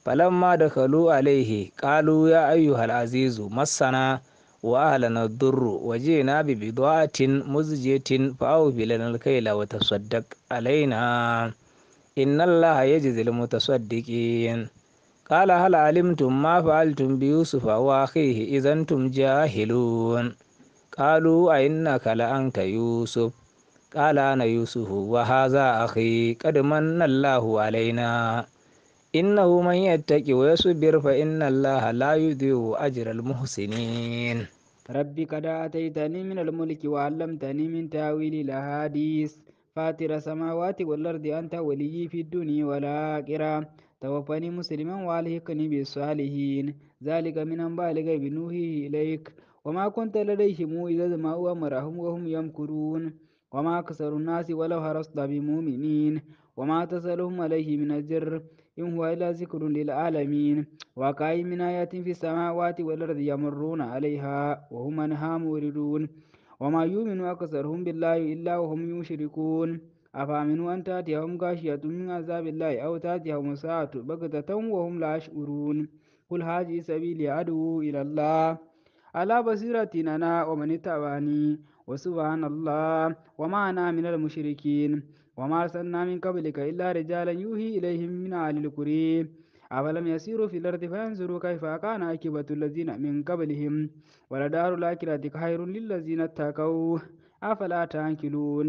فلما دخلوا عليه قالوا يا أيها العزيز مسنا وأهلنا الضر وجئنا ببضاعة مزجة فأوفي لنا الكيل وتصدق علينا إن الله يجزي المتصدقين قال هل علمتم ما فعلتم بيوسف وأخيه إذا أنتم جاهلون قالوا أئنك لأنت يوسف قال أنا يوسف وهذا أخي قد من الله علينا إنه من يتقي ويصبر فإن الله لا يضيع أجر المحسنين ربي قد آتيتني من الملك وعلمتني من تأويل الأحاديث فاتر السماوات والأرض أنت ولي في الدنيا والآخرة توفني مسلما والحقني بالصالحين ذلك من أنباء الغيب نوحي إليك وما كنت لديهم إذا ما أمرهم وهم يمكرون وما أكثر الناس ولو حرصت بمؤمنين وما تسألهم عليه من أجر إن هو إلا ذكر للعالمين وكأي من آيات في السماوات والأرض يمرون عليها وهم أنها موردون وما يؤمن أكثرهم بالله إلا وهم يشركون أفأمنوا أن تأتيهم غاشية من عذاب الله أو تأتيهم ساعة بغتة وهم لا يشعرون قل هذه سبيلي أدعو إلى الله على بصيرة أنا ومن اتبعني وسبحان الله وما أنا من المشركين وما أرسلنا من قبلك إلا رجالا يوحي إليهم من أهل القرى أفلم يسيروا في الأرض فينظروا كيف كان عاقبة الذين من قبلهم ولدار الآخرة خير للذين اتقوا أفلا تعقلون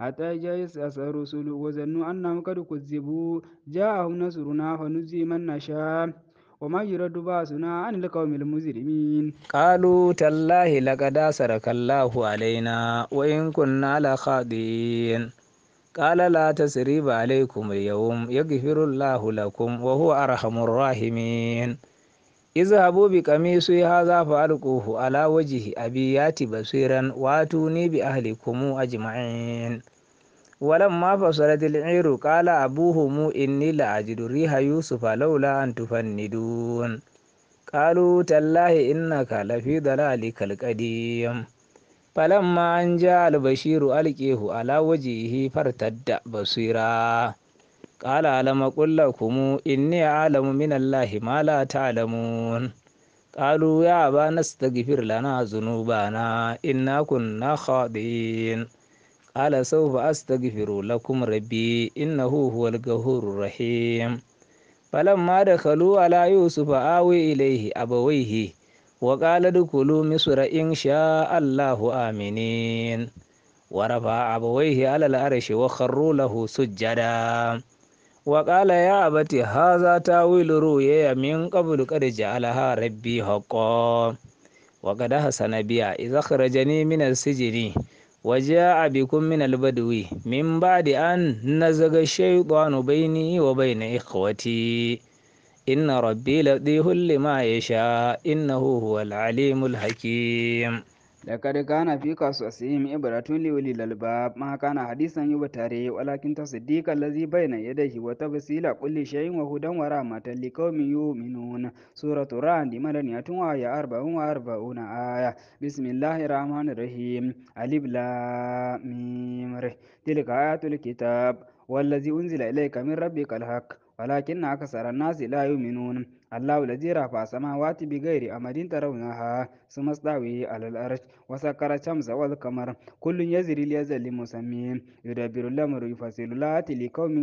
حتى جاء يسأس الرسل وظنوا أنهم قد كذبوا جاءهم نصرنا فنزي من نشاء وما يرد باسنا عن القوم المجرمين قالوا تالله لقد أسرك الله علينا وإن كنا لخاطئين قال لا تسريب عليكم اليوم يغفر الله لكم وهو أرحم الراحمين اذهبوا بقميصي هذا فألقوه على وجه أبي يأت بصيرا واتوني بأهلكم أجمعين ولما فصلت العير قال أبوهم إني لأجد ريح يوسف لولا أن تفندون قالوا تالله إنك لفي ضلالك القديم فلما أن جاء البشير ألقيه على وجهه فارتد بصيرا قال ألم أقل لكم إني أعلم من الله ما لا تعلمون قالوا يا أبانا استغفر لنا ذنوبنا إنا كنا خاطئين قال سوف أستغفر لكم ربي إنه هو الغفور الرحيم فلما دخلوا على يوسف آوي إليه أبويه وقال ادخلوا مصر إن شاء الله آمنين ورفع أبويه على العرش وخروا له سجدا وقال يا أبت هذا تاويل رؤيا من قبل قد جعلها ربي حقا وقد حسن بها إذا خرجني من السجن وجاء بكم من البدو من بعد أن نزغ الشيطان بيني وبين إخوتي إن ربي لطيف لما يشاء إنه هو العليم الحكيم لقد كان في قصصهم عبرة لأولي الألباب ما كان حديثا يبتري ولكن تصديق الذي بين يديه وتفصيل كل شيء وهدى ورحمة لقوم يؤمنون سورة الرعد مدنية آية 44 آية بسم الله الرحمن الرحيم ألف لام تلك آيات الكتاب والذي أنزل إليك من ربك الحق ولكن أكثر الناس لا يؤمنون الله الذي رفع السماوات بغير أمد ترونها ثم استوى على الأرش وسكر الشمس والقمر كل يجري لأجل مسمى يدبر الأمر يفصل الآيات لقوم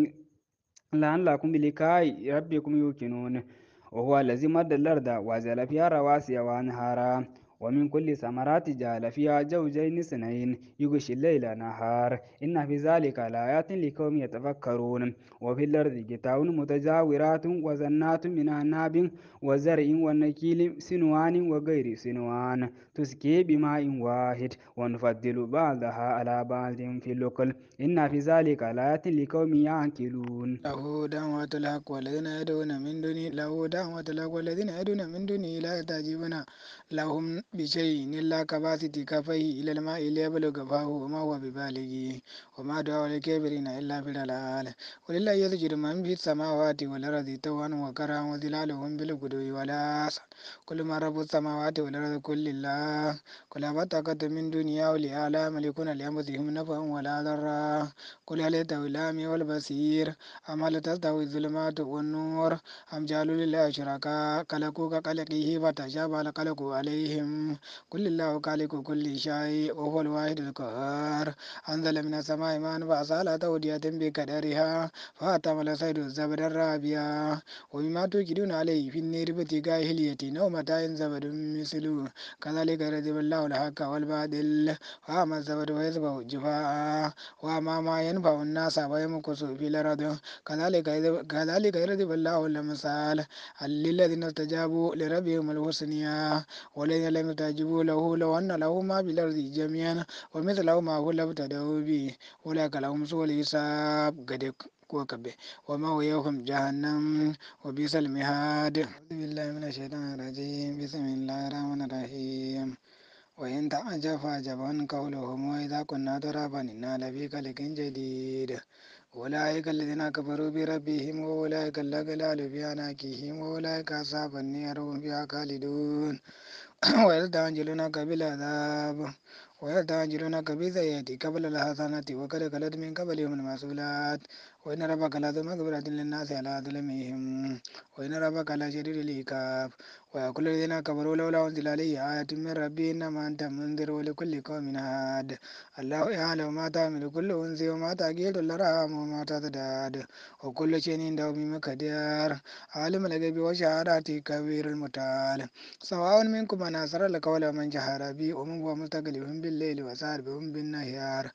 لعلكم بلقاء ربكم يوقنون وهو الذي مد الأرض وجعل فيها رواسي وأنهارا ومن كل ثمرات جعل فيها زوجين اثنين يغشي الليل نهار إن في ذلك لآيات لقوم يتفكرون وفي الأرض قطع متجاورات وزنات من أعناب وزرع ونكيل سنوان وغير سنوان تسقي بماء واحد ونفضل بعضها على بعض في اللقل إن في ذلك لآيات لقوم يعقلون له دعوة الحق والذين يدعون من دونه له دعوة الحق والذين يدعون من دونه لا تجيبنا لهم بشيء إلا كباسط كفيه إلى الماء ليبلغ فاه وما هو ببالغه وما دعا لكبرنا إلا في الضلال ولله يسجد من في السماوات والأرض طوعا وكرها وظلالهم بالغدو والآصال كل ما رب السماوات والأرض كل الله كل ما تقت من دنيا ولأعلى ملكون لأنفسهم نفع ولا ضرا كل هل يستوي والبصير أم هل تستوي الظلمات والنور أم جعلوا لله شركاء كلكوا كخلقه فتشابه الخلق عليهم كل الله خالق كل شيء وهو الواحد القهار أنزل من السماء ماء فأصال تودية بقدرها فأتم سيد الزبد الرابية وبما توجدون عليه في النير ابتغاء هليتي نوم تاين زبد مثل كذلك رتب الله الحق والبادل فأما الزبد فيسبه جفاء وأما ما ينفع الناس ويمكس في الأرض كذلك كذلك يضرب الله الأمثال للذين استجابوا لربهم الحسنى والذين لم يستجيبوا له لو أن له ما في الأرض جميعا ومثله معه لابتدوا به أولئك لهم سوء الحساب قد وكبه ومأويهم جهنم وبئس المهاد أعوذ بالله من الشيطان الرجيم بسم الله الرحمن الرحيم وإن تعجب فعجب قولهم وإذا كنا ترابا إنا لفي خلق جديد أولئك الذين كفروا بربهم وأولئك الأغلال في أناكهم وأولئك أصحاب النار هم فيها خالدون ويستعجلونك بالعذاب ويستعجلونك بالسيئة قبل الحسنة وقد خلت من قبلهم المسؤولات وإن ربك لذو مغفرة للناس على ظلمهم وإن ربك لشديد العقاب ويقول الذين كفروا لولا أنزل عليه آية من ربي إنما أنت منذر ولكل قوم هاد الله يعلم ما تعمل كل أنثى وما تجد الأرحام وما تزداد وكل شيء عنده بمقدار عالم الغيب والشهادة كبير المتعال سواء منكم من أسر القول من جهر به ومن هو مستقلهم بالليل وسار بهم بالنهار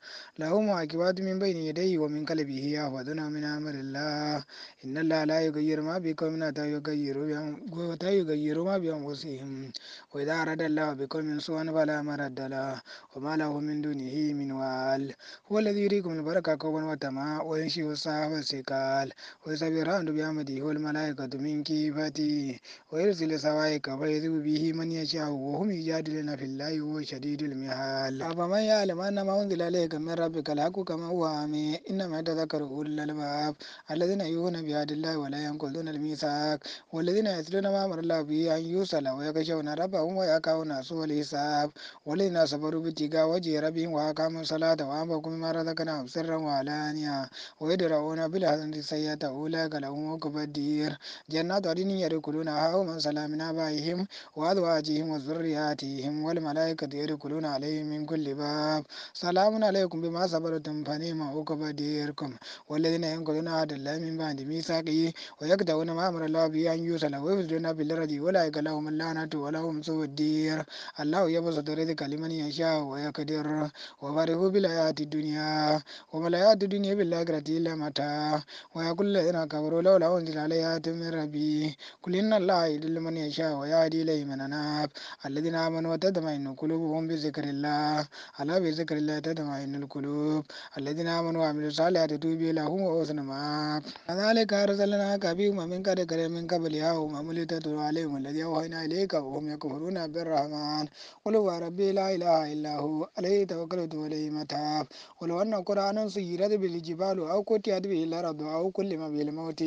له معاقبات من بين يديه ومن قلبه يهوذ يعملون من عمل الله إن الله لا يغير ما بكم من أتى يغير بهم وأتى يغير ما بأنفسهم وإذا أراد الله بكم من سوء فلا مرد له وما له من دونه من وال هو الذي يريكم البركة قوما وتما وينشئ السحاب والسكال ويسبح الحمد بأمده والملائكة من كيفته ويرسل سوائك فيذوب به من يشاء وهم يجادلون في الله وهو شديد المحال أفمن يعلم أن ما أنزل عليك من ربك الحق كما هو آمين إنما تذكر أولى الألباب الذين يؤمنون بعهد الله ولا ينقضون الميثاق والذين يتلون ما أمر الله به أن يوصل ويخشون ربهم ويقعون سوء الحساب والذين صبروا باتقاء وجه ربهم وأقاموا الصلاة وأنفقوا مما رزقناهم سرا وعلانية ويدرؤون بالحسنة السيئة أولئك لهم عقبى الدير جنات عدن يدخلونها ومن صلى من آبائهم وأزواجهم وذرياتهم والملائكة يدخلون عليهم من كل باب سلام عليكم بما صبرتم فنعم عقبى ديركم والذين الذين ينقضون عهد الله من بعد ميثاقه ويقطعون ما أمر الله به أن يوصل ويفسدون في أولئك لهم اللعنة ولهم سوء الدير الله يبسط الرزق لمن يشاء ويقدر وفرحوا بالحياة الدنيا وما الحياة الدنيا بالآخرة إلا متاع ويقول الذين كفروا لولا أنزل علي آية من ربي قل إن الله يضل من يشاء ويهدي إليه من أناب الذين آمنوا وتطمئن قلوبهم بذكر الله ألا بذكر الله تطمئن القلوب الذين آمنوا وعملوا الصالحات توبي لهم وحسن مآب كذلك أرسلناك أنا أمم قد أنا من قبلها أنا لتتلو عليهم الذي أوحينا إليك وهم يكفرون بالرحمن قل هو ربي لا إله إلا هو عليه توكلت وإليه متاب ولو أن قرآنا سيرت أنا الجبال أو أنا به الأرض أو كلم به الموت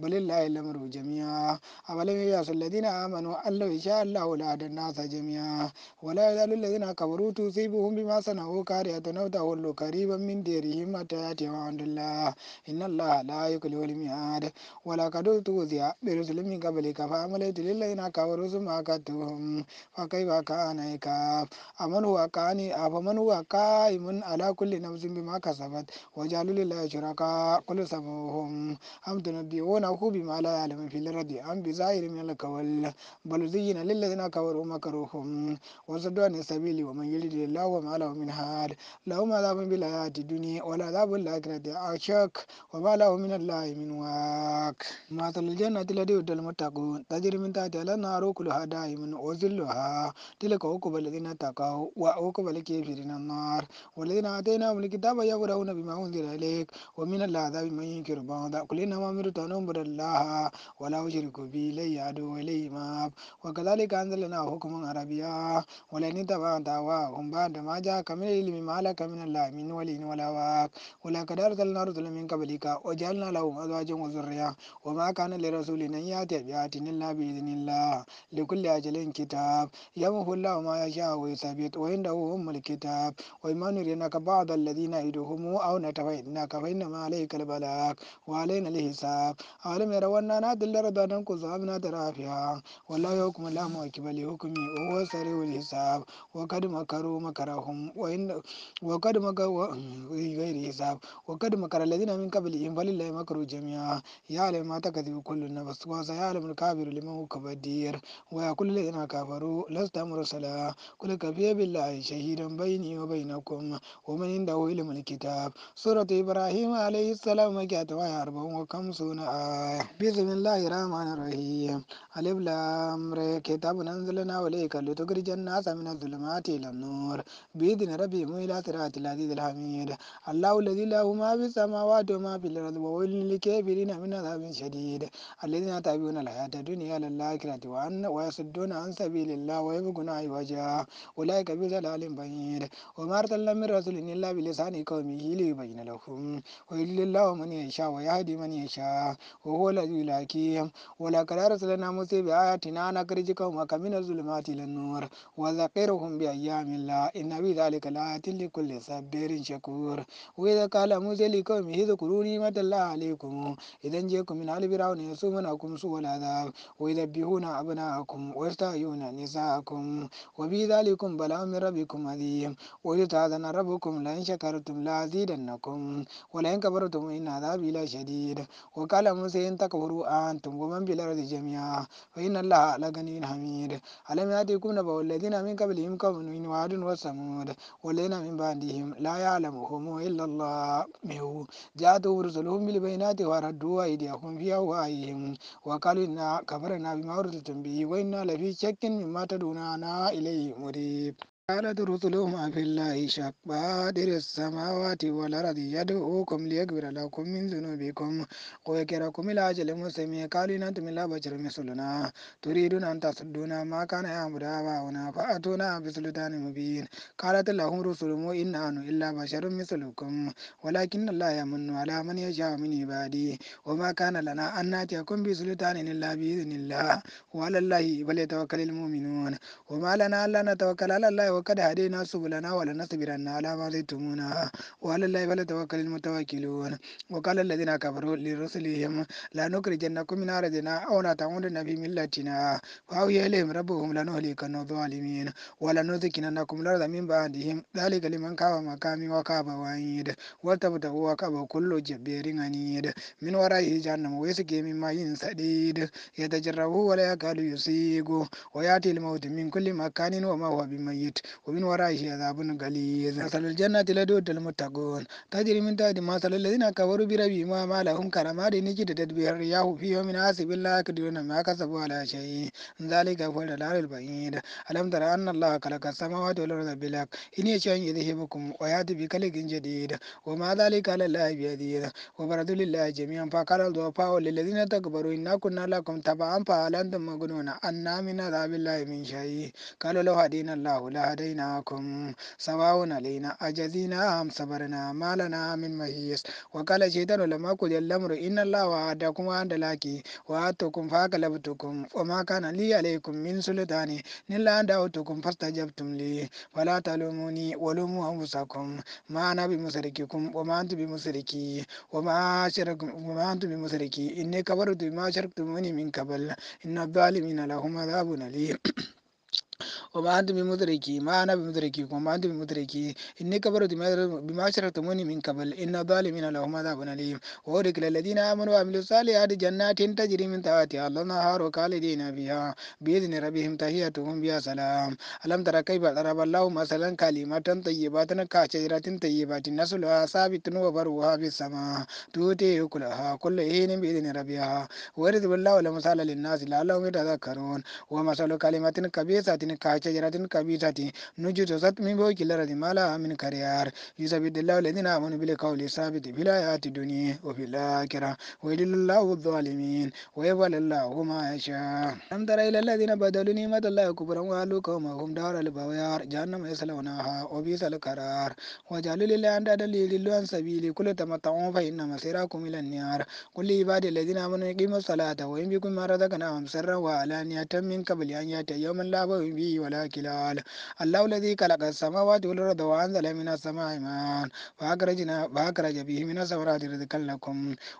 بل لله الأمر جميعا أولم أنا الذين آمنوا أن لو شاء الله لهدى الناس جميعا ولا يزال الذين كفروا تصيبهم بما صنعوا كارهة أو تولوا قريبا من ديرهم حتى يأتي وعند الله إن الله لا يخلف الميعاد ولقد أوتي برسل من قبلك فأمليت للذين كفروا ثم أخذتهم فكيف كان عقاب أمن هو كاني أفمن هو قائم على كل نفس بما كسبت وجعلوا لله شركاء كل سموهم أم تنبئونه بما لا يعلم في الأرض أم بزائر من القول بل زين للذين كفروا مكروهم وصدوا عن السبيل ومن يلد الله وما له من هاد لهم عذاب بالحياة الدنيا ولا عذاب الآخرة أشق واك وما له من الله من واك ما مثل الجنة التي يؤتى المتقون تجري من تحتها النار كلها دائما وزلها تلك عقب الذين اتقوا وعقب الكافرين النار والذين آتيناهم الكتاب يقرؤون بما أنزل إليك ومن العذاب من ينكر بعضا قل إنما أمرت أن أعبد الله ولا أشرك به إلي عدو إلي ماب وكذلك أنزلنا حكما عربيا ولئن اتبعت أهواءهم بعد ما جاءك من العلم ما لك من الله من ولي ولا واق ولقد أرسلنا رسلا من من قبلك وجعلنا لهم أزواجا وذرية وما كان لرسول أن يأتي بآيات إلا بإذن الله لكل أجل كتاب يمحو الله ما يشاء ويثبت وعنده أم الكتاب وإما نرينك بعض الذين يدهم أو نتوينك فإنما عليك البلاغ وعلينا الحساب أولم يروا أننا نأتي الأرض ننقصها من أطرافها ولا يحكم الله معقب لحكمه وهو سريع الحساب وقد مكروا مكرهم وإن وقد مكروا غير حساب وقد مكر الذين الذين من قبلهم فلله مكر جميعا يعلم ما تكذب كل نفس وسيعلم الكافر لمن هو كبدير ويقول الذين كفروا لست مرسلا قل كفي بالله شهيدا بيني وبينكم ومن عنده علم الكتاب سورة إبراهيم عليه السلام مكيت وهي آية أربع وخمسون آية بسم الله الرحمن الرحيم ألف لام كتاب أنزلنا إليك لتخرج الناس من الظلمات إلى النور بإذن ربهم إلى صراط العزيز الحميد الله الذي له ما في السماوات السماوات وما في الأرض وويل للكافرين من عذاب شديد الذين تابعون الحياة الدنيا للآخرة وأن ويصدون عن سبيل الله ويبغون وجه أولئك في ضلال بعيد وما أرسلنا من رسول إلا بلسان قومه ليبين لهم ويل الله من يشاء ويهدي من يشاء وهو الذي يلاكيهم ولقد أرسلنا موسى بآياتنا نخرجكم من الظلمات إلى النور وذكرهم بأيام الله إن في ذلك لآية لكل صبر شكور وإذا قال موسى لقومه اذكروا نعمة الله عليكم إذا جاكم من آل فرعون يسومنكم سوء العذاب ويذبحون أبناءكم ويستحيون نساءكم وفي ذلكم بلاء من ربكم عظيم وإذ تأذن ربكم لئن شكرتم لأزيدنكم ولئن كفرتم إن عذابي لشديد وقال موسى إن تكفروا أنتم ومن في الأرض جميعا فإن الله لغني حميد ألم يأتيكم نبأ الذين من قبلهم قوم من وعد وثمود والذين من بعدهم لا يعلمهم إلا الله جاءتهم رسلهم بالبينات وردوا أيديهم في أوائهم وقالوا إنا كفرنا بما أرسلتم به وإنا لفي شك مما تدعوننا إليه مريب قالت رسلهم في الله شق بادر السماوات والأرض يدعوكم ليكبر لكم من ذنوبكم ويكركم إلى أجل مسمى قالوا إن أنتم إلا بشر مثلنا تريدون أن تصدونا ما كان يعبد آباؤنا فأتونا بسلطان مبين قالت لهم رسلهم إن أنا إلا بشر مثلكم ولكن الله يمن على من يشاء من عبادي وما كان لنا أن نأتيكم بسلطان إلا بإذن الله وعلى الله فليتوكل المؤمنون وما لنا ألا نتوكل على الله وقد هدينا سبلنا ولنصبرن على ما زدتمونا وعلى الله فليتوكل المتوكلون وقال الذين كفروا لرسلهم لا نخرجنكم من أرضنا أو لتعودن في ملتنا فأوحي إليهم ربهم لنهلكن الظالمين ولنذكننكم الأرض من بعدهم ذلك لمن خاف مقامي وخاف وعيد وتبتغوا وخاف كل جبار عنيد من ورائه جهنم ويسقي من ماء سديد يتجربه ولا يكاد يسيغ ويأتي الموت من كل مكان وما هو بميت ومن ورائه عذاب غليظ مثل الجنة لدود المتقون تجري من تحت مثل الذين كفروا بربهم لهم كرماد نجدت به الرياح في يوم عاصف لا يقدرون ما كسبوا على شيء ذلك هو الضلال البعيد ألم تر أن الله خلق السماوات والأرض بالحق إن يشاء يذهبكم ويأتي بخلق جديد وما ذلك على الله بيديد وبرزوا لله جميعا فقال الضعفاء للذين تكبروا إنا كنا لكم تبعا فهل أنتم مغنون أنا من عذاب الله من شيء قالوا لو هدينا الله لهدينا هديناكم سواء علينا أجزينا أم صبرنا ما لنا من مهيس وقال الشيطان لما قل الأمر إن الله وعدكم وعد لكي وعدتكم فأغلبتكم وما كان لي عليكم من سلطان إلا أن دعوتكم فاستجبتم لي ولا تلوموني ولوموا أنفسكم ما أنا بمسرككم وما أنتم بمسركي وما أشركم وما أنتم بمسركي إني كبرت بما شركتموني من قبل إن الظالمين لهم عذاب أليم وما أنت بمدركي ما أنا بمدرككم وما أنت بمدركي إني كبرت بما أشركتموني من قبل إن الظالمين لهم عذاب أليم وأدخل الذين آمنوا وعملوا الصالحات جنات تجري من تحتها الأنهار خالدين فيها بإذن ربهم تحيتهم بها سلام ألم ترى كيف ضرب الله مثلا كلمة طيبة كشجرة طيبة نسلها ثابت وبروها في السماء تؤتي أكلها كل حين بإذن ربها ويضرب الله المثال للناس لعلهم يتذكرون ومثل كلمة كبيرة من كشجرة نجو تزات من بو الأرض ما مالا من كريار يثبت الله الذين آمنوا بالقول سابت بلا الحياة الدنيا وفي الآخرة ويذل الله الظالمين ويبال الله ما يشاء لم ترى إلى الذين بدلوا نعمة الله كفرا وقالوا هم دار البويار جهنم يسلوناها وبئس الكرار وجعلوا لله أندادا ليضلوا عن سبيلي كل تمتعون فإن مسيركم إلى النار قل لعبادي الذين آمنوا يقيموا الصلاة وينفقوا ما رزقناهم سرا وعلانية من قبل أن يأتي يوم لا بيع به ولا كلال الله الذي خلق السماوات والأرض وأنزل من السماء ماء فأخرجنا فأخرج به من الثمرات رزقا لكم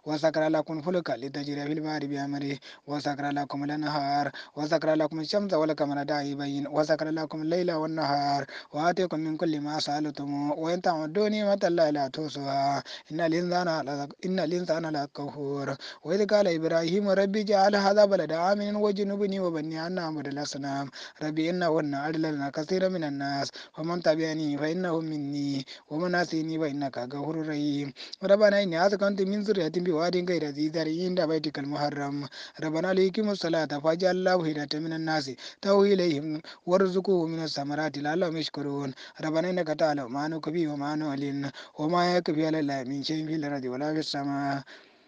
وسكر لكم الفلك لتجري في البحر بأمره وسكر لكم الأنهار وسكر لكم الشمس والقمر دائبين وسكر لكم الليل والنهار وآتيكم من كل ما سألتم وإن تعدوا نعمة الله لا تحصوها إن الإنسان إن الإنسان لكفور وإذ قال إبراهيم ربي جعل هذا بلدا آمنا وجنبني وبني أن نعبد الأصنام ربي بأنهن أضللن كثيرا من الناس ومن تبعني فإنه مني ومن عصيني فإنك غفور رحيم ربنا إني أسكنت من ذريتي بواد غير ذي زرع عند بيتك المحرم ربنا ليقيموا الصلاة فاجعل الأفئدة من الناس تهوي إليهم وارزقهم من الثمرات لعلهم يشكرون ربنا إنك تعلم ما نكفي وما نعلن وما يكفي على الله من شيء في الأرض ولا في السماء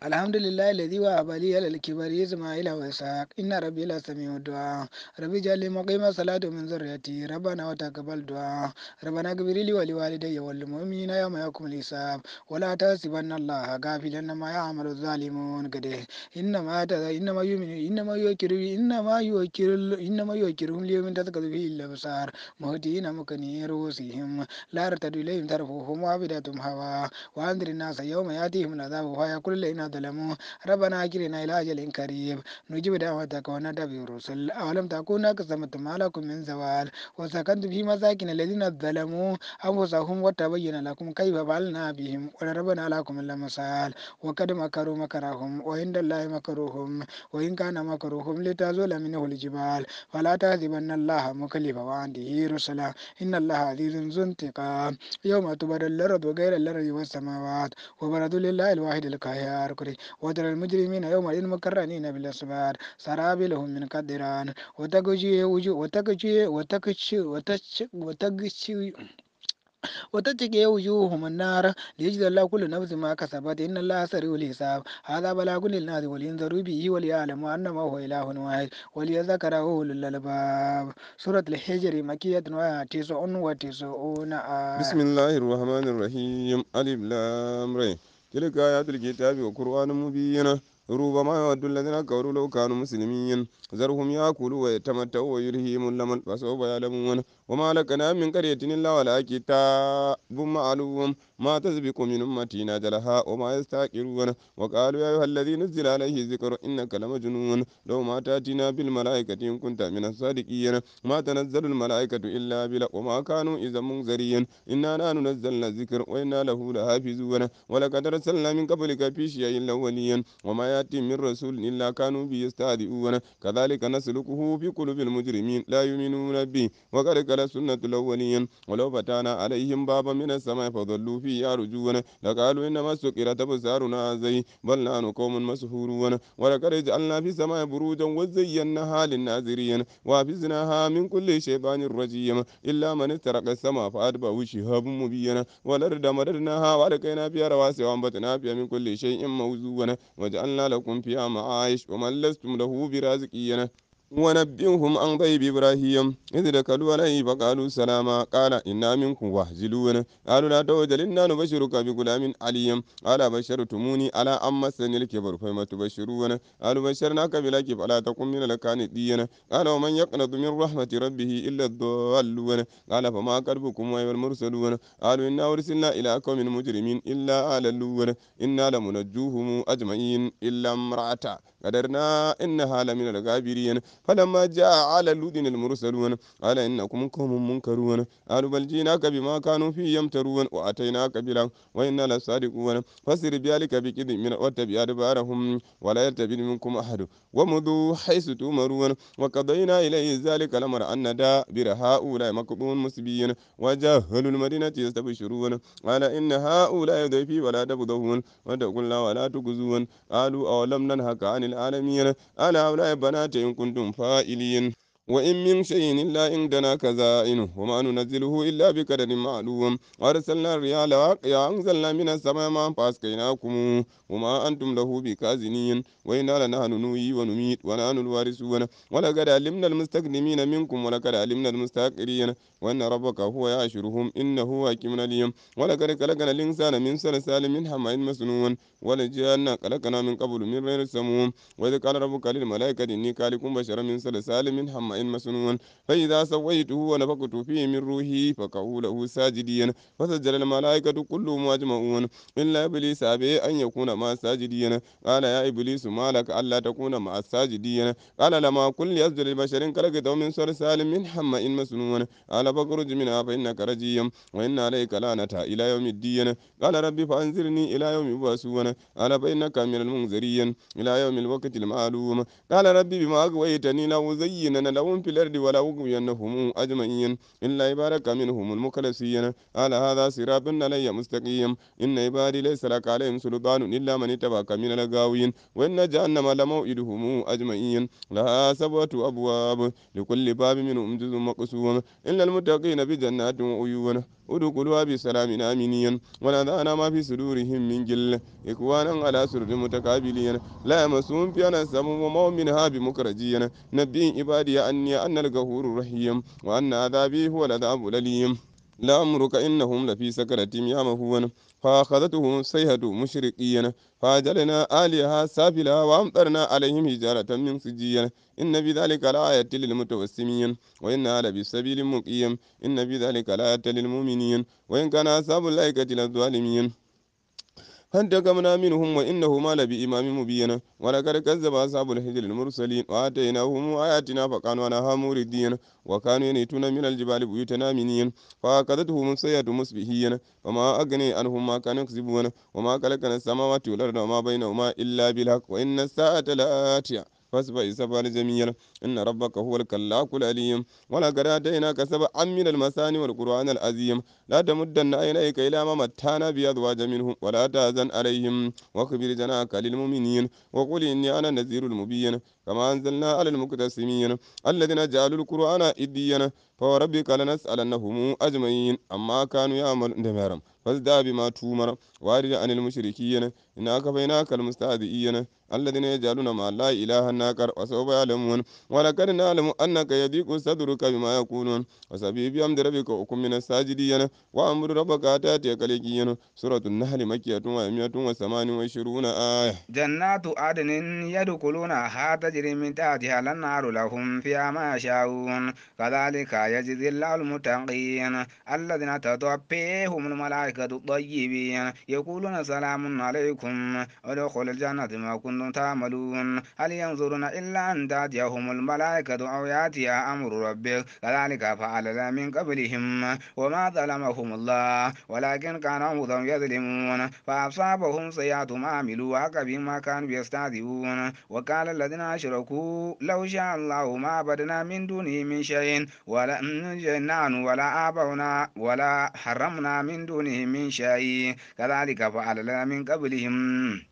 الحمد لله الذي وهب لي على الكبر إسماعيل وإسحاق إن ربي لسميع الدعاء ربي جعل لي مقيم الصلاة من ذريتي ربنا وتقبل دعاء ربنا اغفر لي ولوالدي والمؤمنين يوم يقوم الحساب ولا تحسبن الله غافلا ما يعمل الظالمون قد إنما إنما يؤمن إنما يؤكر إنما يؤكر إنما يؤكر اليوم تذكر فيه الأبصار مهدين مكني رؤوسهم لا ارتد إليهم ترفوهم وابدتهم هوى وأنذر الناس يوم يأتيهم العذاب فيقول لنا ظلموا ربنا أجرنا إلى أجل قريب نجيب دعوتك ونتبع الرسل أولم تكون أقسمتم ما لكم من زوال وسكنت في مساكن الذين ظلموا أنفسهم وتبين لكم كيف فعلنا بهم وضربنا لكم الأمثال وقد مكروا مكرهم وعند الله مكروهم وإن كان مكروهم لتزول منه الجبال فلا تحسبن الله مكلف وعنده رسلا إن الله عزيز ذو انتقام يوم تبدل الأرض غير الأرض والسماوات وبرزوا لله الواحد القهار كري وترى المجرمين يوم يومئذ مكرنين بالأسبار لهم من قدران وتكشي وجو وتكشي وتكشي وتكشي وتكشي وتتقي وجوههم النار ليجد الله كل نفس ما كسبت ان الله سريع الحساب هذا بلاغ للناس ولينذروا به وليعلموا انما هو اله واحد وليذكر أول الالباب سوره الحجر مكيه وتسعون وتسعون بسم الله الرحمن الرحيم الف لام رين تلك آيات الكتاب وقرآن مبين ربما يود الذين كفروا لو كانوا مسلمين ذرهم يأكلوا ويتمتعوا ويلهيهم الأمل فسوف يعلمون وما لكنا من قرية إلا ولا كتاب معلوم ما تسبق من أمتنا جلها وما يستاكرون وقالوا يا أيها الذي نزل عليه الذكر إنك لمجنون لو ما تأتينا بالملائكة إن كنت من الصادقين ما تنزل الملائكة إلا بلا وما كانوا إذا منذرين إنا لا ننزلنا الذكر وإنا له لحافظون ولقد أرسلنا من قبلك في شيء الأولين وما يأتي من رسول إلا كانوا به يستهزئون كذلك نسلكه في قلوب المجرمين لا يؤمنون به وقد سنة الأولين ولو فتانا عليهم بابا من السماء فظلوا فيها رجوعا لقالوا إنما سكرت بسارنا زي بل نحن قوم مسحورون ولقد جعلنا في السماء بروجا وزيناها للناظرين وحفظناها من كل شيطان رجيم إلا من استرق السماء فأتبعه شهاب مبين والأرض مددناها وألقينا فيها رواسي وأنبتنا فيها من كل شيء موزون وجعلنا لكم فيها معايش ومن لستم له برازقين ونبئهم عن ضيب إبراهيم إذ ركلوا عليه فقالوا سلاما قال إنا منكم واهزلون قالوا لا توجل إنا نبشرك بغلام عليم قال بشرتموني على أن مسني الكبر فما تبشرون قالوا بشرناك بلاك فلا تقم من القانتين قال ومن يقنط من رحمة ربه إلا الضالون قال فما كربكم أيها المرسلون قالوا إنا أرسلنا إلى قوم مجرمين إلا آل اللون إنا لمنجوهم أجمعين إلا امرأة قدرنا إنها لمن الغابرين فلما جاء على لود المرسلون قال إنكم قوم منكرون قالوا بل جئناك بما كانوا فيه يمترون وأتيناك بلا وإنا لصادقون فسر بذلك بكذب من أتبع أدبارهم ولا يلتبد منكم أحد ومضوا حيث تمرون وقضينا إليه ذلك الأمر أن دابر هؤلاء مكبون مسبيين وجهل المدينة يستبشرون قال إن هؤلاء ضيفي ولا تبضون وتقول الله ولا تكزون قالوا أولم ننهك عن العالمين أنا هؤلاء بنات إن كنتم فائلين وإن من شيء إلا عندنا كزائنه وما ننزله إلا بقدر معلوم أرسلنا الريال يا أنزلنا من السماء ما فأسقيناكم وما أنتم له بكازنين وإنا لنحن نوي ونميت ونحن الوارثون ولقد علمنا المستقدمين منكم ولقد علمنا المستأخرين وإن ربك هو يعشرهم إنه حكيم عليم ولقد خلقنا الإنسان من سلسال من حمإ مسنون ولجئنا خلقنا من قبل من غير السموم وإذ قال ربك للملائكة إني كالكم بشرا من صلصال من حماء مسنون فإذا سويته ونفقت فيه من روحي فقعوا له ساجديا فسجل الملائكة كلهم أجمعون إلا إبليس أبي أن يكون مع الساجدين قال يا إبليس ما لك ألا تكون مع الساجدين قال لما كل ليسجد لبشر خلقته من صلصال من حماء مسنون قال فاخرج منها فإنك رجيم وإن عليك لعنة إلى يوم الدين قال ربي فأنزلني إلى يوم يبعثون على بينك من المنذرين إلى يوم الوقت المعلوم قال ربي بما أغويتني لأزينن لهم في الأرض ولا أغوينهم أجمعين إلا عبادك منهم المخلصين على هذا صراط علي مستقيم إن عبادي ليس لك عليهم سلطان إلا من اتبعك من الغاوين وإن جهنم لموئدهم أجمعين لها سبعة أبواب لكل باب منهم جزء مقسوم إلا المتقين بجنات وعيون ادخلوها بسلام امنيا ونذانا ما في صدورهم من جل إخوانا على سرد متقابلين لا يمسهم فيها نسب وما منها بمكرجيا نبي عبادي أني أن الغفور الرحيم وأن عذابي هو العذاب الأليم لأمرك إنهم لفي سكرتهم يا مهون فأخذتهم الصيحة مشرقين فأجلنا آلهة سافلها وأمطرنا عليهم هجارة من سجيل إن في ذلك لآية للمتوسمين وإن على بسبيل مقيم إن في ذلك لآية للمؤمنين وإن كان أصحاب الأيكة للظالمين فانتقمنا منهم وإنه ما لبي إمام مبين ولقد كذب أصحاب الحجر المرسلين وآتيناهم آياتنا فكانوا عنها موردين وكانوا ينيتون من الجبال بيوتنا منين فأخذتهم السيئة مصبحين وما أغني عنهم ما كانوا يكذبون وما خلقنا السماوات والأرض وما بينهما إلا بالحق وإن الساعة لآتية فاصبر صبرا جميلا إن ربك هو الكلاك العليم ولقد آتيناك سبعا من المثاني والقرآن العظيم لا تمدن عينيك إلى ما متانا بأزواج منهم ولا تأذن عليهم واخبر جناك للمؤمنين وقل إني أنا النذير المبين كما أنزلنا على المقتسمين الذين جعلوا القرآن إديا فوربك لنسألنهم أجمعين أما كانوا يعملون دمارا فازدى بما تومر وارد عن المشركين إنا كفيناك المستهزئين الذين يجعلون مع الله إلها ناكر وسوف يعلمون ولقد نعلم أنك يضيق صدرك بما يقولون وسبيب بحمد ربك وكن من الساجدين وأمر ربك تأتيك لكين سورة النحل مكية ومئة وثمان وعشرون آية جنات عدن يدخلونها تجري من تحتها الأنهار لهم فيها ما يشاءون كذلك يجزي الله المتقين الذين تتوفيهم الملائكة الطيبين يقولون سلام عليكم لكم ادخل الجنة ما كنتم تعملون هل ينظرون إلا أن تأتيهم الملائكة أو يأتي أمر ربك كذلك فعل من قبلهم وما ظلمهم الله ولكن كانوا هم يظلمون فأصابهم سيئات ما عملوا وحق بما كانوا يستهزئون وقال الذين أشركوا لو شاء الله ما عبدنا من دونه من شيء ولا نحن ولا آبونا ولا حرمنا من دونه من شيء كذلك فعل من قبلهم Mm.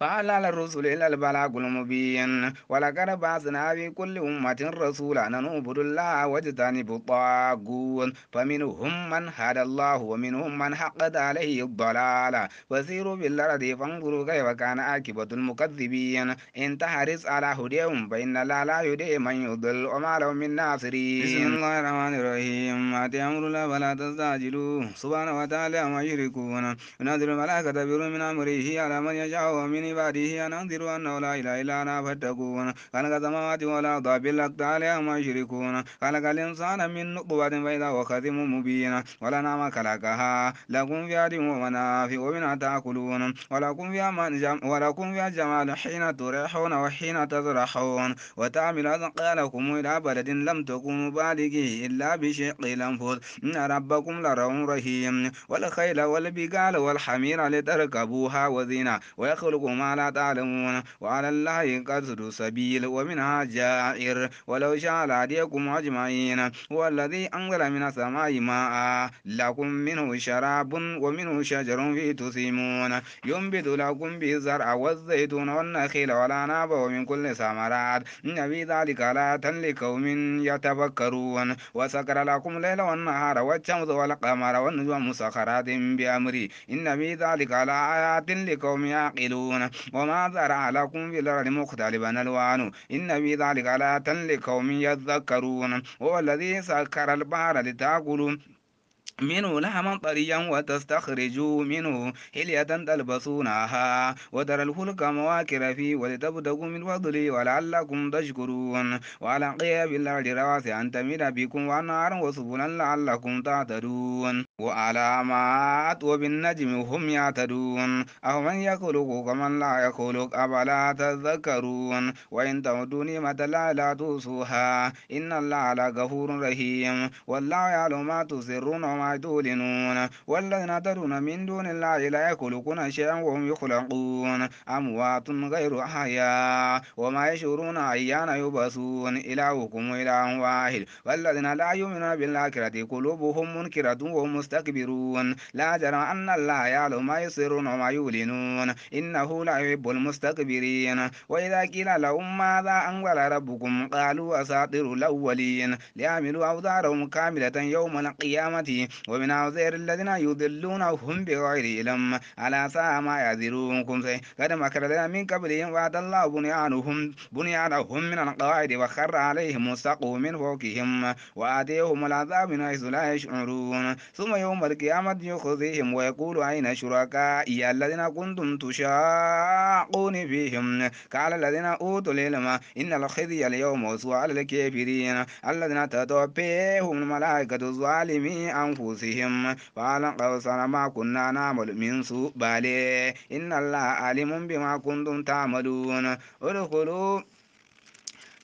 فعلى الرسل إلا البلاغ المبين ولقد بعثنا في كل أمة رسولا أن اعبدوا الله واجتنبوا الطاغوت فمنهم من هدى الله ومنهم من حقت عليه الضلالة فسيروا بالأرض فانظروا كيف كان عاقبة المكذبين إن تحرص على هديهم فإن الله لا يهدي من يضل وما لهم من ناصرين بسم الله الرحمن الرحيم أتي أمر الله فلا تستعجلوه سبحانه وتعالى ما يشركون ينزل الملائكة بروح من أمره على من يشاء ومن عباده أن أنذروا أنه لا إله إلا أنا فاتقون خلق السماوات والأرض بالحق عليها ما يشركون خلق الإنسان من نطفة فإذا هو خصيم مبين والأنعام خلقها لكم فيها دم ومنافع ومنها تأكلون ولكم فيها من جم ولكم فيها جمال حين تريحون وحين تزرحون وتعمل أثقالكم إلى بلد لم تكونوا بالغيه إلا بشق الأنفس إن ربكم لرؤوف رحيم والخيل والبقال والحمير لتركبوها وزينة ويخلق ما ما لا تعلمون وعلى الله قصد سبيل ومنها جائر ولو شاء لهديكم أجمعين هو الذي أنزل من السماء ماء لكم منه شراب ومنه شجر فيه تسيمون ينبت لكم به الزرع والزيتون والنخيل والأعناب ومن كل ثمرات إن في ذلك لآيات لقوم يتفكرون وسكر لكم الليل والنهار والشمس والقمر والنجوم مسخرات بأمري إن في ذلك لآيات لقوم يعقلون وما زرع لكم في الأرض مختلفا ألوانه إن في ذلك لآية لقوم يذكرون هو الذي سكر البحر لتأكلوا منه لحما نعم طريا وتستخرجوا منه حلية تلبسونها وترى الفلك مواكر فيه ولتبدأوا من فضلي ولعلكم تشكرون وعلى قياب الله لراس أن تمر بكم وأنهارا وسبلا لعلكم تعتدون وعلامات وبالنجم هم يعتدون أفمن يخلق كمن لا يخلق أفلا تذكرون وإن تعدوا نعمة الله لا توصوها إن الله على غفور رحيم والله يعلم ما تسرون وما معدولون والذين ترون من دون الله لا يخلقون شيئا وهم يخلقون أموات غير أحياء وما يشعرون أيان يبصون إلهكم إله واحد والذين لا يؤمنون بالآخرة قلوبهم منكرة وهم مستكبرون لا جرم أن الله يعلم ما يسرون وما يعلنون إنه لا يحب المستكبرين وإذا قيل لهم ماذا أنزل ربكم قالوا أساطير الأولين ليعملوا أوزارهم كاملة يوم القيامة ومن عذير الذين يضلونهم بغير علم على ساعة ما سي قد مكر من قبلهم وعد الله بنيانهم بنيانهم من القواعد وخر عليهم السقو من فوقهم وآتيهم العذاب من حيث لا يشعرون ثم يوم القيامة يخزيهم ويقول أين شركائي الذين كنتم تشاقون فيهم قال الذين أوتوا العلم إن الخزي اليوم وسوء على الكافرين الذين تتوفيهم الملائكة الظالمين أنفسهم أنفسهم قال قوسنا ما كنا نعمل من سوء بالي إن الله عليم بما كنتم تعملون ادخلوا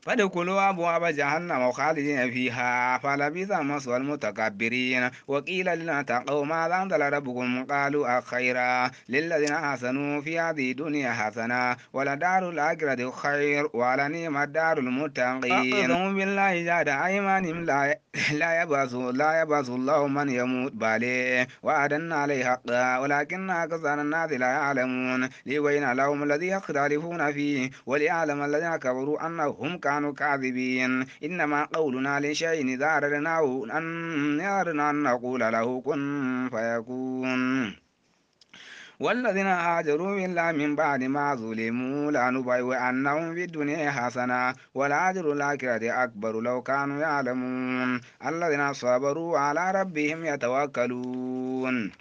فادخلوا أبواب جهنم خالدين فيها فلبئس مثوى المتكبرين وقيل لنا اتقوا ما أنزل ربكم قالوا أخيرا للذين أحسنوا في هذه الدنيا حسنة ولدار الآخرة خير ولنعم الدار المتقين أقسم بالله جاد أيمانهم لا لا يبعث لا يبعث الله من يموت بعليه وعدا عليه حقا ولكن أكثر الناس لا يعلمون ليبين لهم الذي يختلفون فيه وليعلم الذين كفروا أنهم كانوا كاذبين إنما قولنا لشيء إذا أردناه أن أردنا أن نقول له كن فيكون والذين هاجروا إلا من بعد ما ظلموا وأنهم في الدنيا حسنة والأجر الآخرة أكبر لو كانوا يعلمون الذين صبروا على ربهم يتوكلون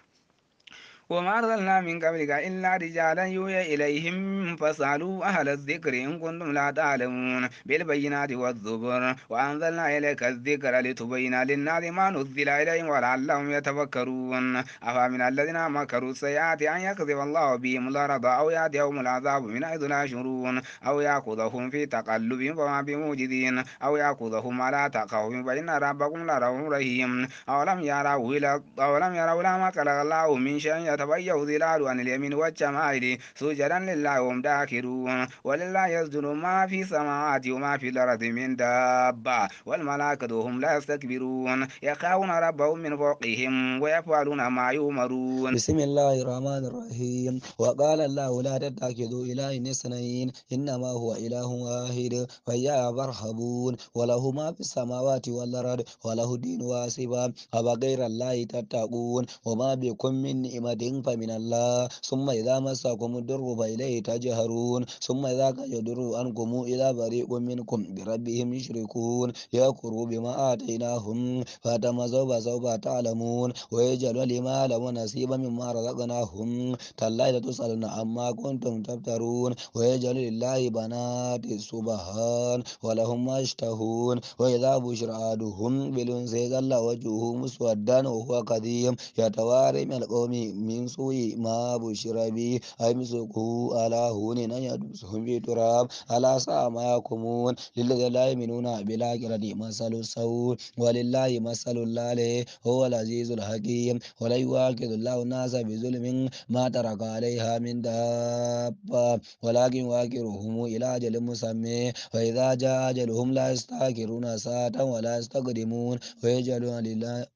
وما أرسلنا من قبلك إلا رجالا يوحى إليهم فاسألوا أهل الذكر إن كنتم لا تعلمون بالبينات والزبر وأنزلنا إليك الذكر لتبين للناس ما نزل إليهم ولعلهم يتفكرون أفمن الذين مكروا السيئات أن يكذب الله بهم الأرض أو يأتيهم العذاب من حيث لا يشعرون أو يأخذهم في تقلبهم فما بموجدين أو يأخذهم على تخوف فإن ربكم لرؤوف رحيم أولم يروا إلى أولم يروا إلى ما خلق الله من شيء يتغير ظلاله عن اليمين والشمال سجدا لله هم داخرون ولله يسجد ما في السماوات وما في الأرض من دابة والملائكة هم لا يستكبرون يخافون ربهم من فوقهم ويفعلون ما يؤمرون بسم الله الرحمن الرحيم وقال الله لا تتخذوا إلهين اثنين إنما هو إله واحد فيا فارهبون وله ما في السماوات والأرض وله دين واسبا أفغير الله تتقون وما بكم من نعمة رحمة فمن الله ثم إذا مسكم الضر فإليه تجهرون ثم ذاك يضر عنكم إلى فريق منكم بربهم يشركون يكفروا بما آتيناهم فتمزوا فسوف تعلمون ويجعل لما لهم نصيبا مما رزقناهم تالله لتسألن عما كنتم تفترون ويجعل لله بنات السبحان ولهم ما يشتهون وإذا بشر أحدهم بالأنثى ظل وجهه مسودا وهو كظيم يتوارى من القوم من سوء ما بشر به أمسكه على هون أن يدوسهم في تراب على ساء ما يقومون للذين لا يؤمنون بالآخرة مثل السوء ولله مثل الله هو العزيز الحكيم ولا يؤاخذ الله الناس بظلم ما ترك عليها من دابة ولكن يؤخرهم إلى أجل مسمى وإذا جاء أجلهم لا يستأخرون ساعة ولا يستقدمون ويجعلون لله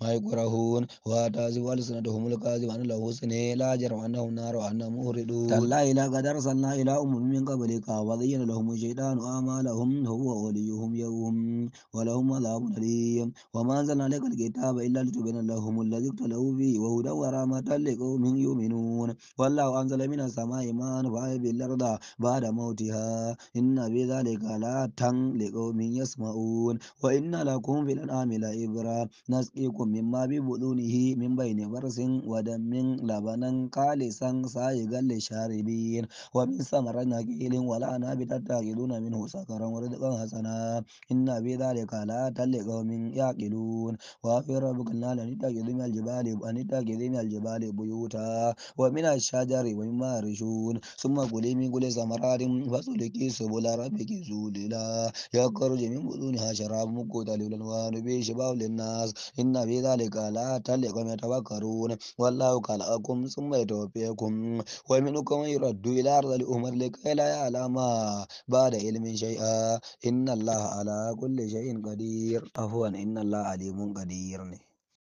ما يكرهون واتازوا ألسنتهم الكاذب أن له سنة لا جرم أنهم نار وأنهم مهردون تلا إلى قد أرسلنا إلى أمم من قبلك وضينا لهم الشيطان أعمالهم هو وليهم يوم ولهم عذاب أليم وما أنزلنا لك الكتاب إلا لتبين لهم الذي اختلفوا فيه وهدى ورحمة لقوم يؤمنون والله أنزل من السماء ما فأحيا بالأرض بعد موتها إن في ذلك لآية من يسمعون وإن لكم في الأنعام لعبرة نسقيكم لكم مما ببطونه من بين برس ودم لبنا خالصا سائغا للشاربين ومن ثمر نخيل والأعناب تتاخذون منه سكرا ورزقا حسنا إن في ذلك لآيات لقوم يعقلون وفي ربك أن تتخذ من الجبال أن تتخذ من الجبال بيوتا ومن الشجر ومما يرشون ثم كلي من كل ثمرات فسلكي سبل ربك سبلا يخرج من بطونها شراب مقتل والألوان به شفاء للناس إن في ذلك لا تلقم يتفكرون والله خلقكم ثم يتوفيكم ومنكم يرد إلى أرض الأمر لكي لا يعلم بعد علم شيئا إن الله على كل شيء قدير عفوا إن الله عليم قدير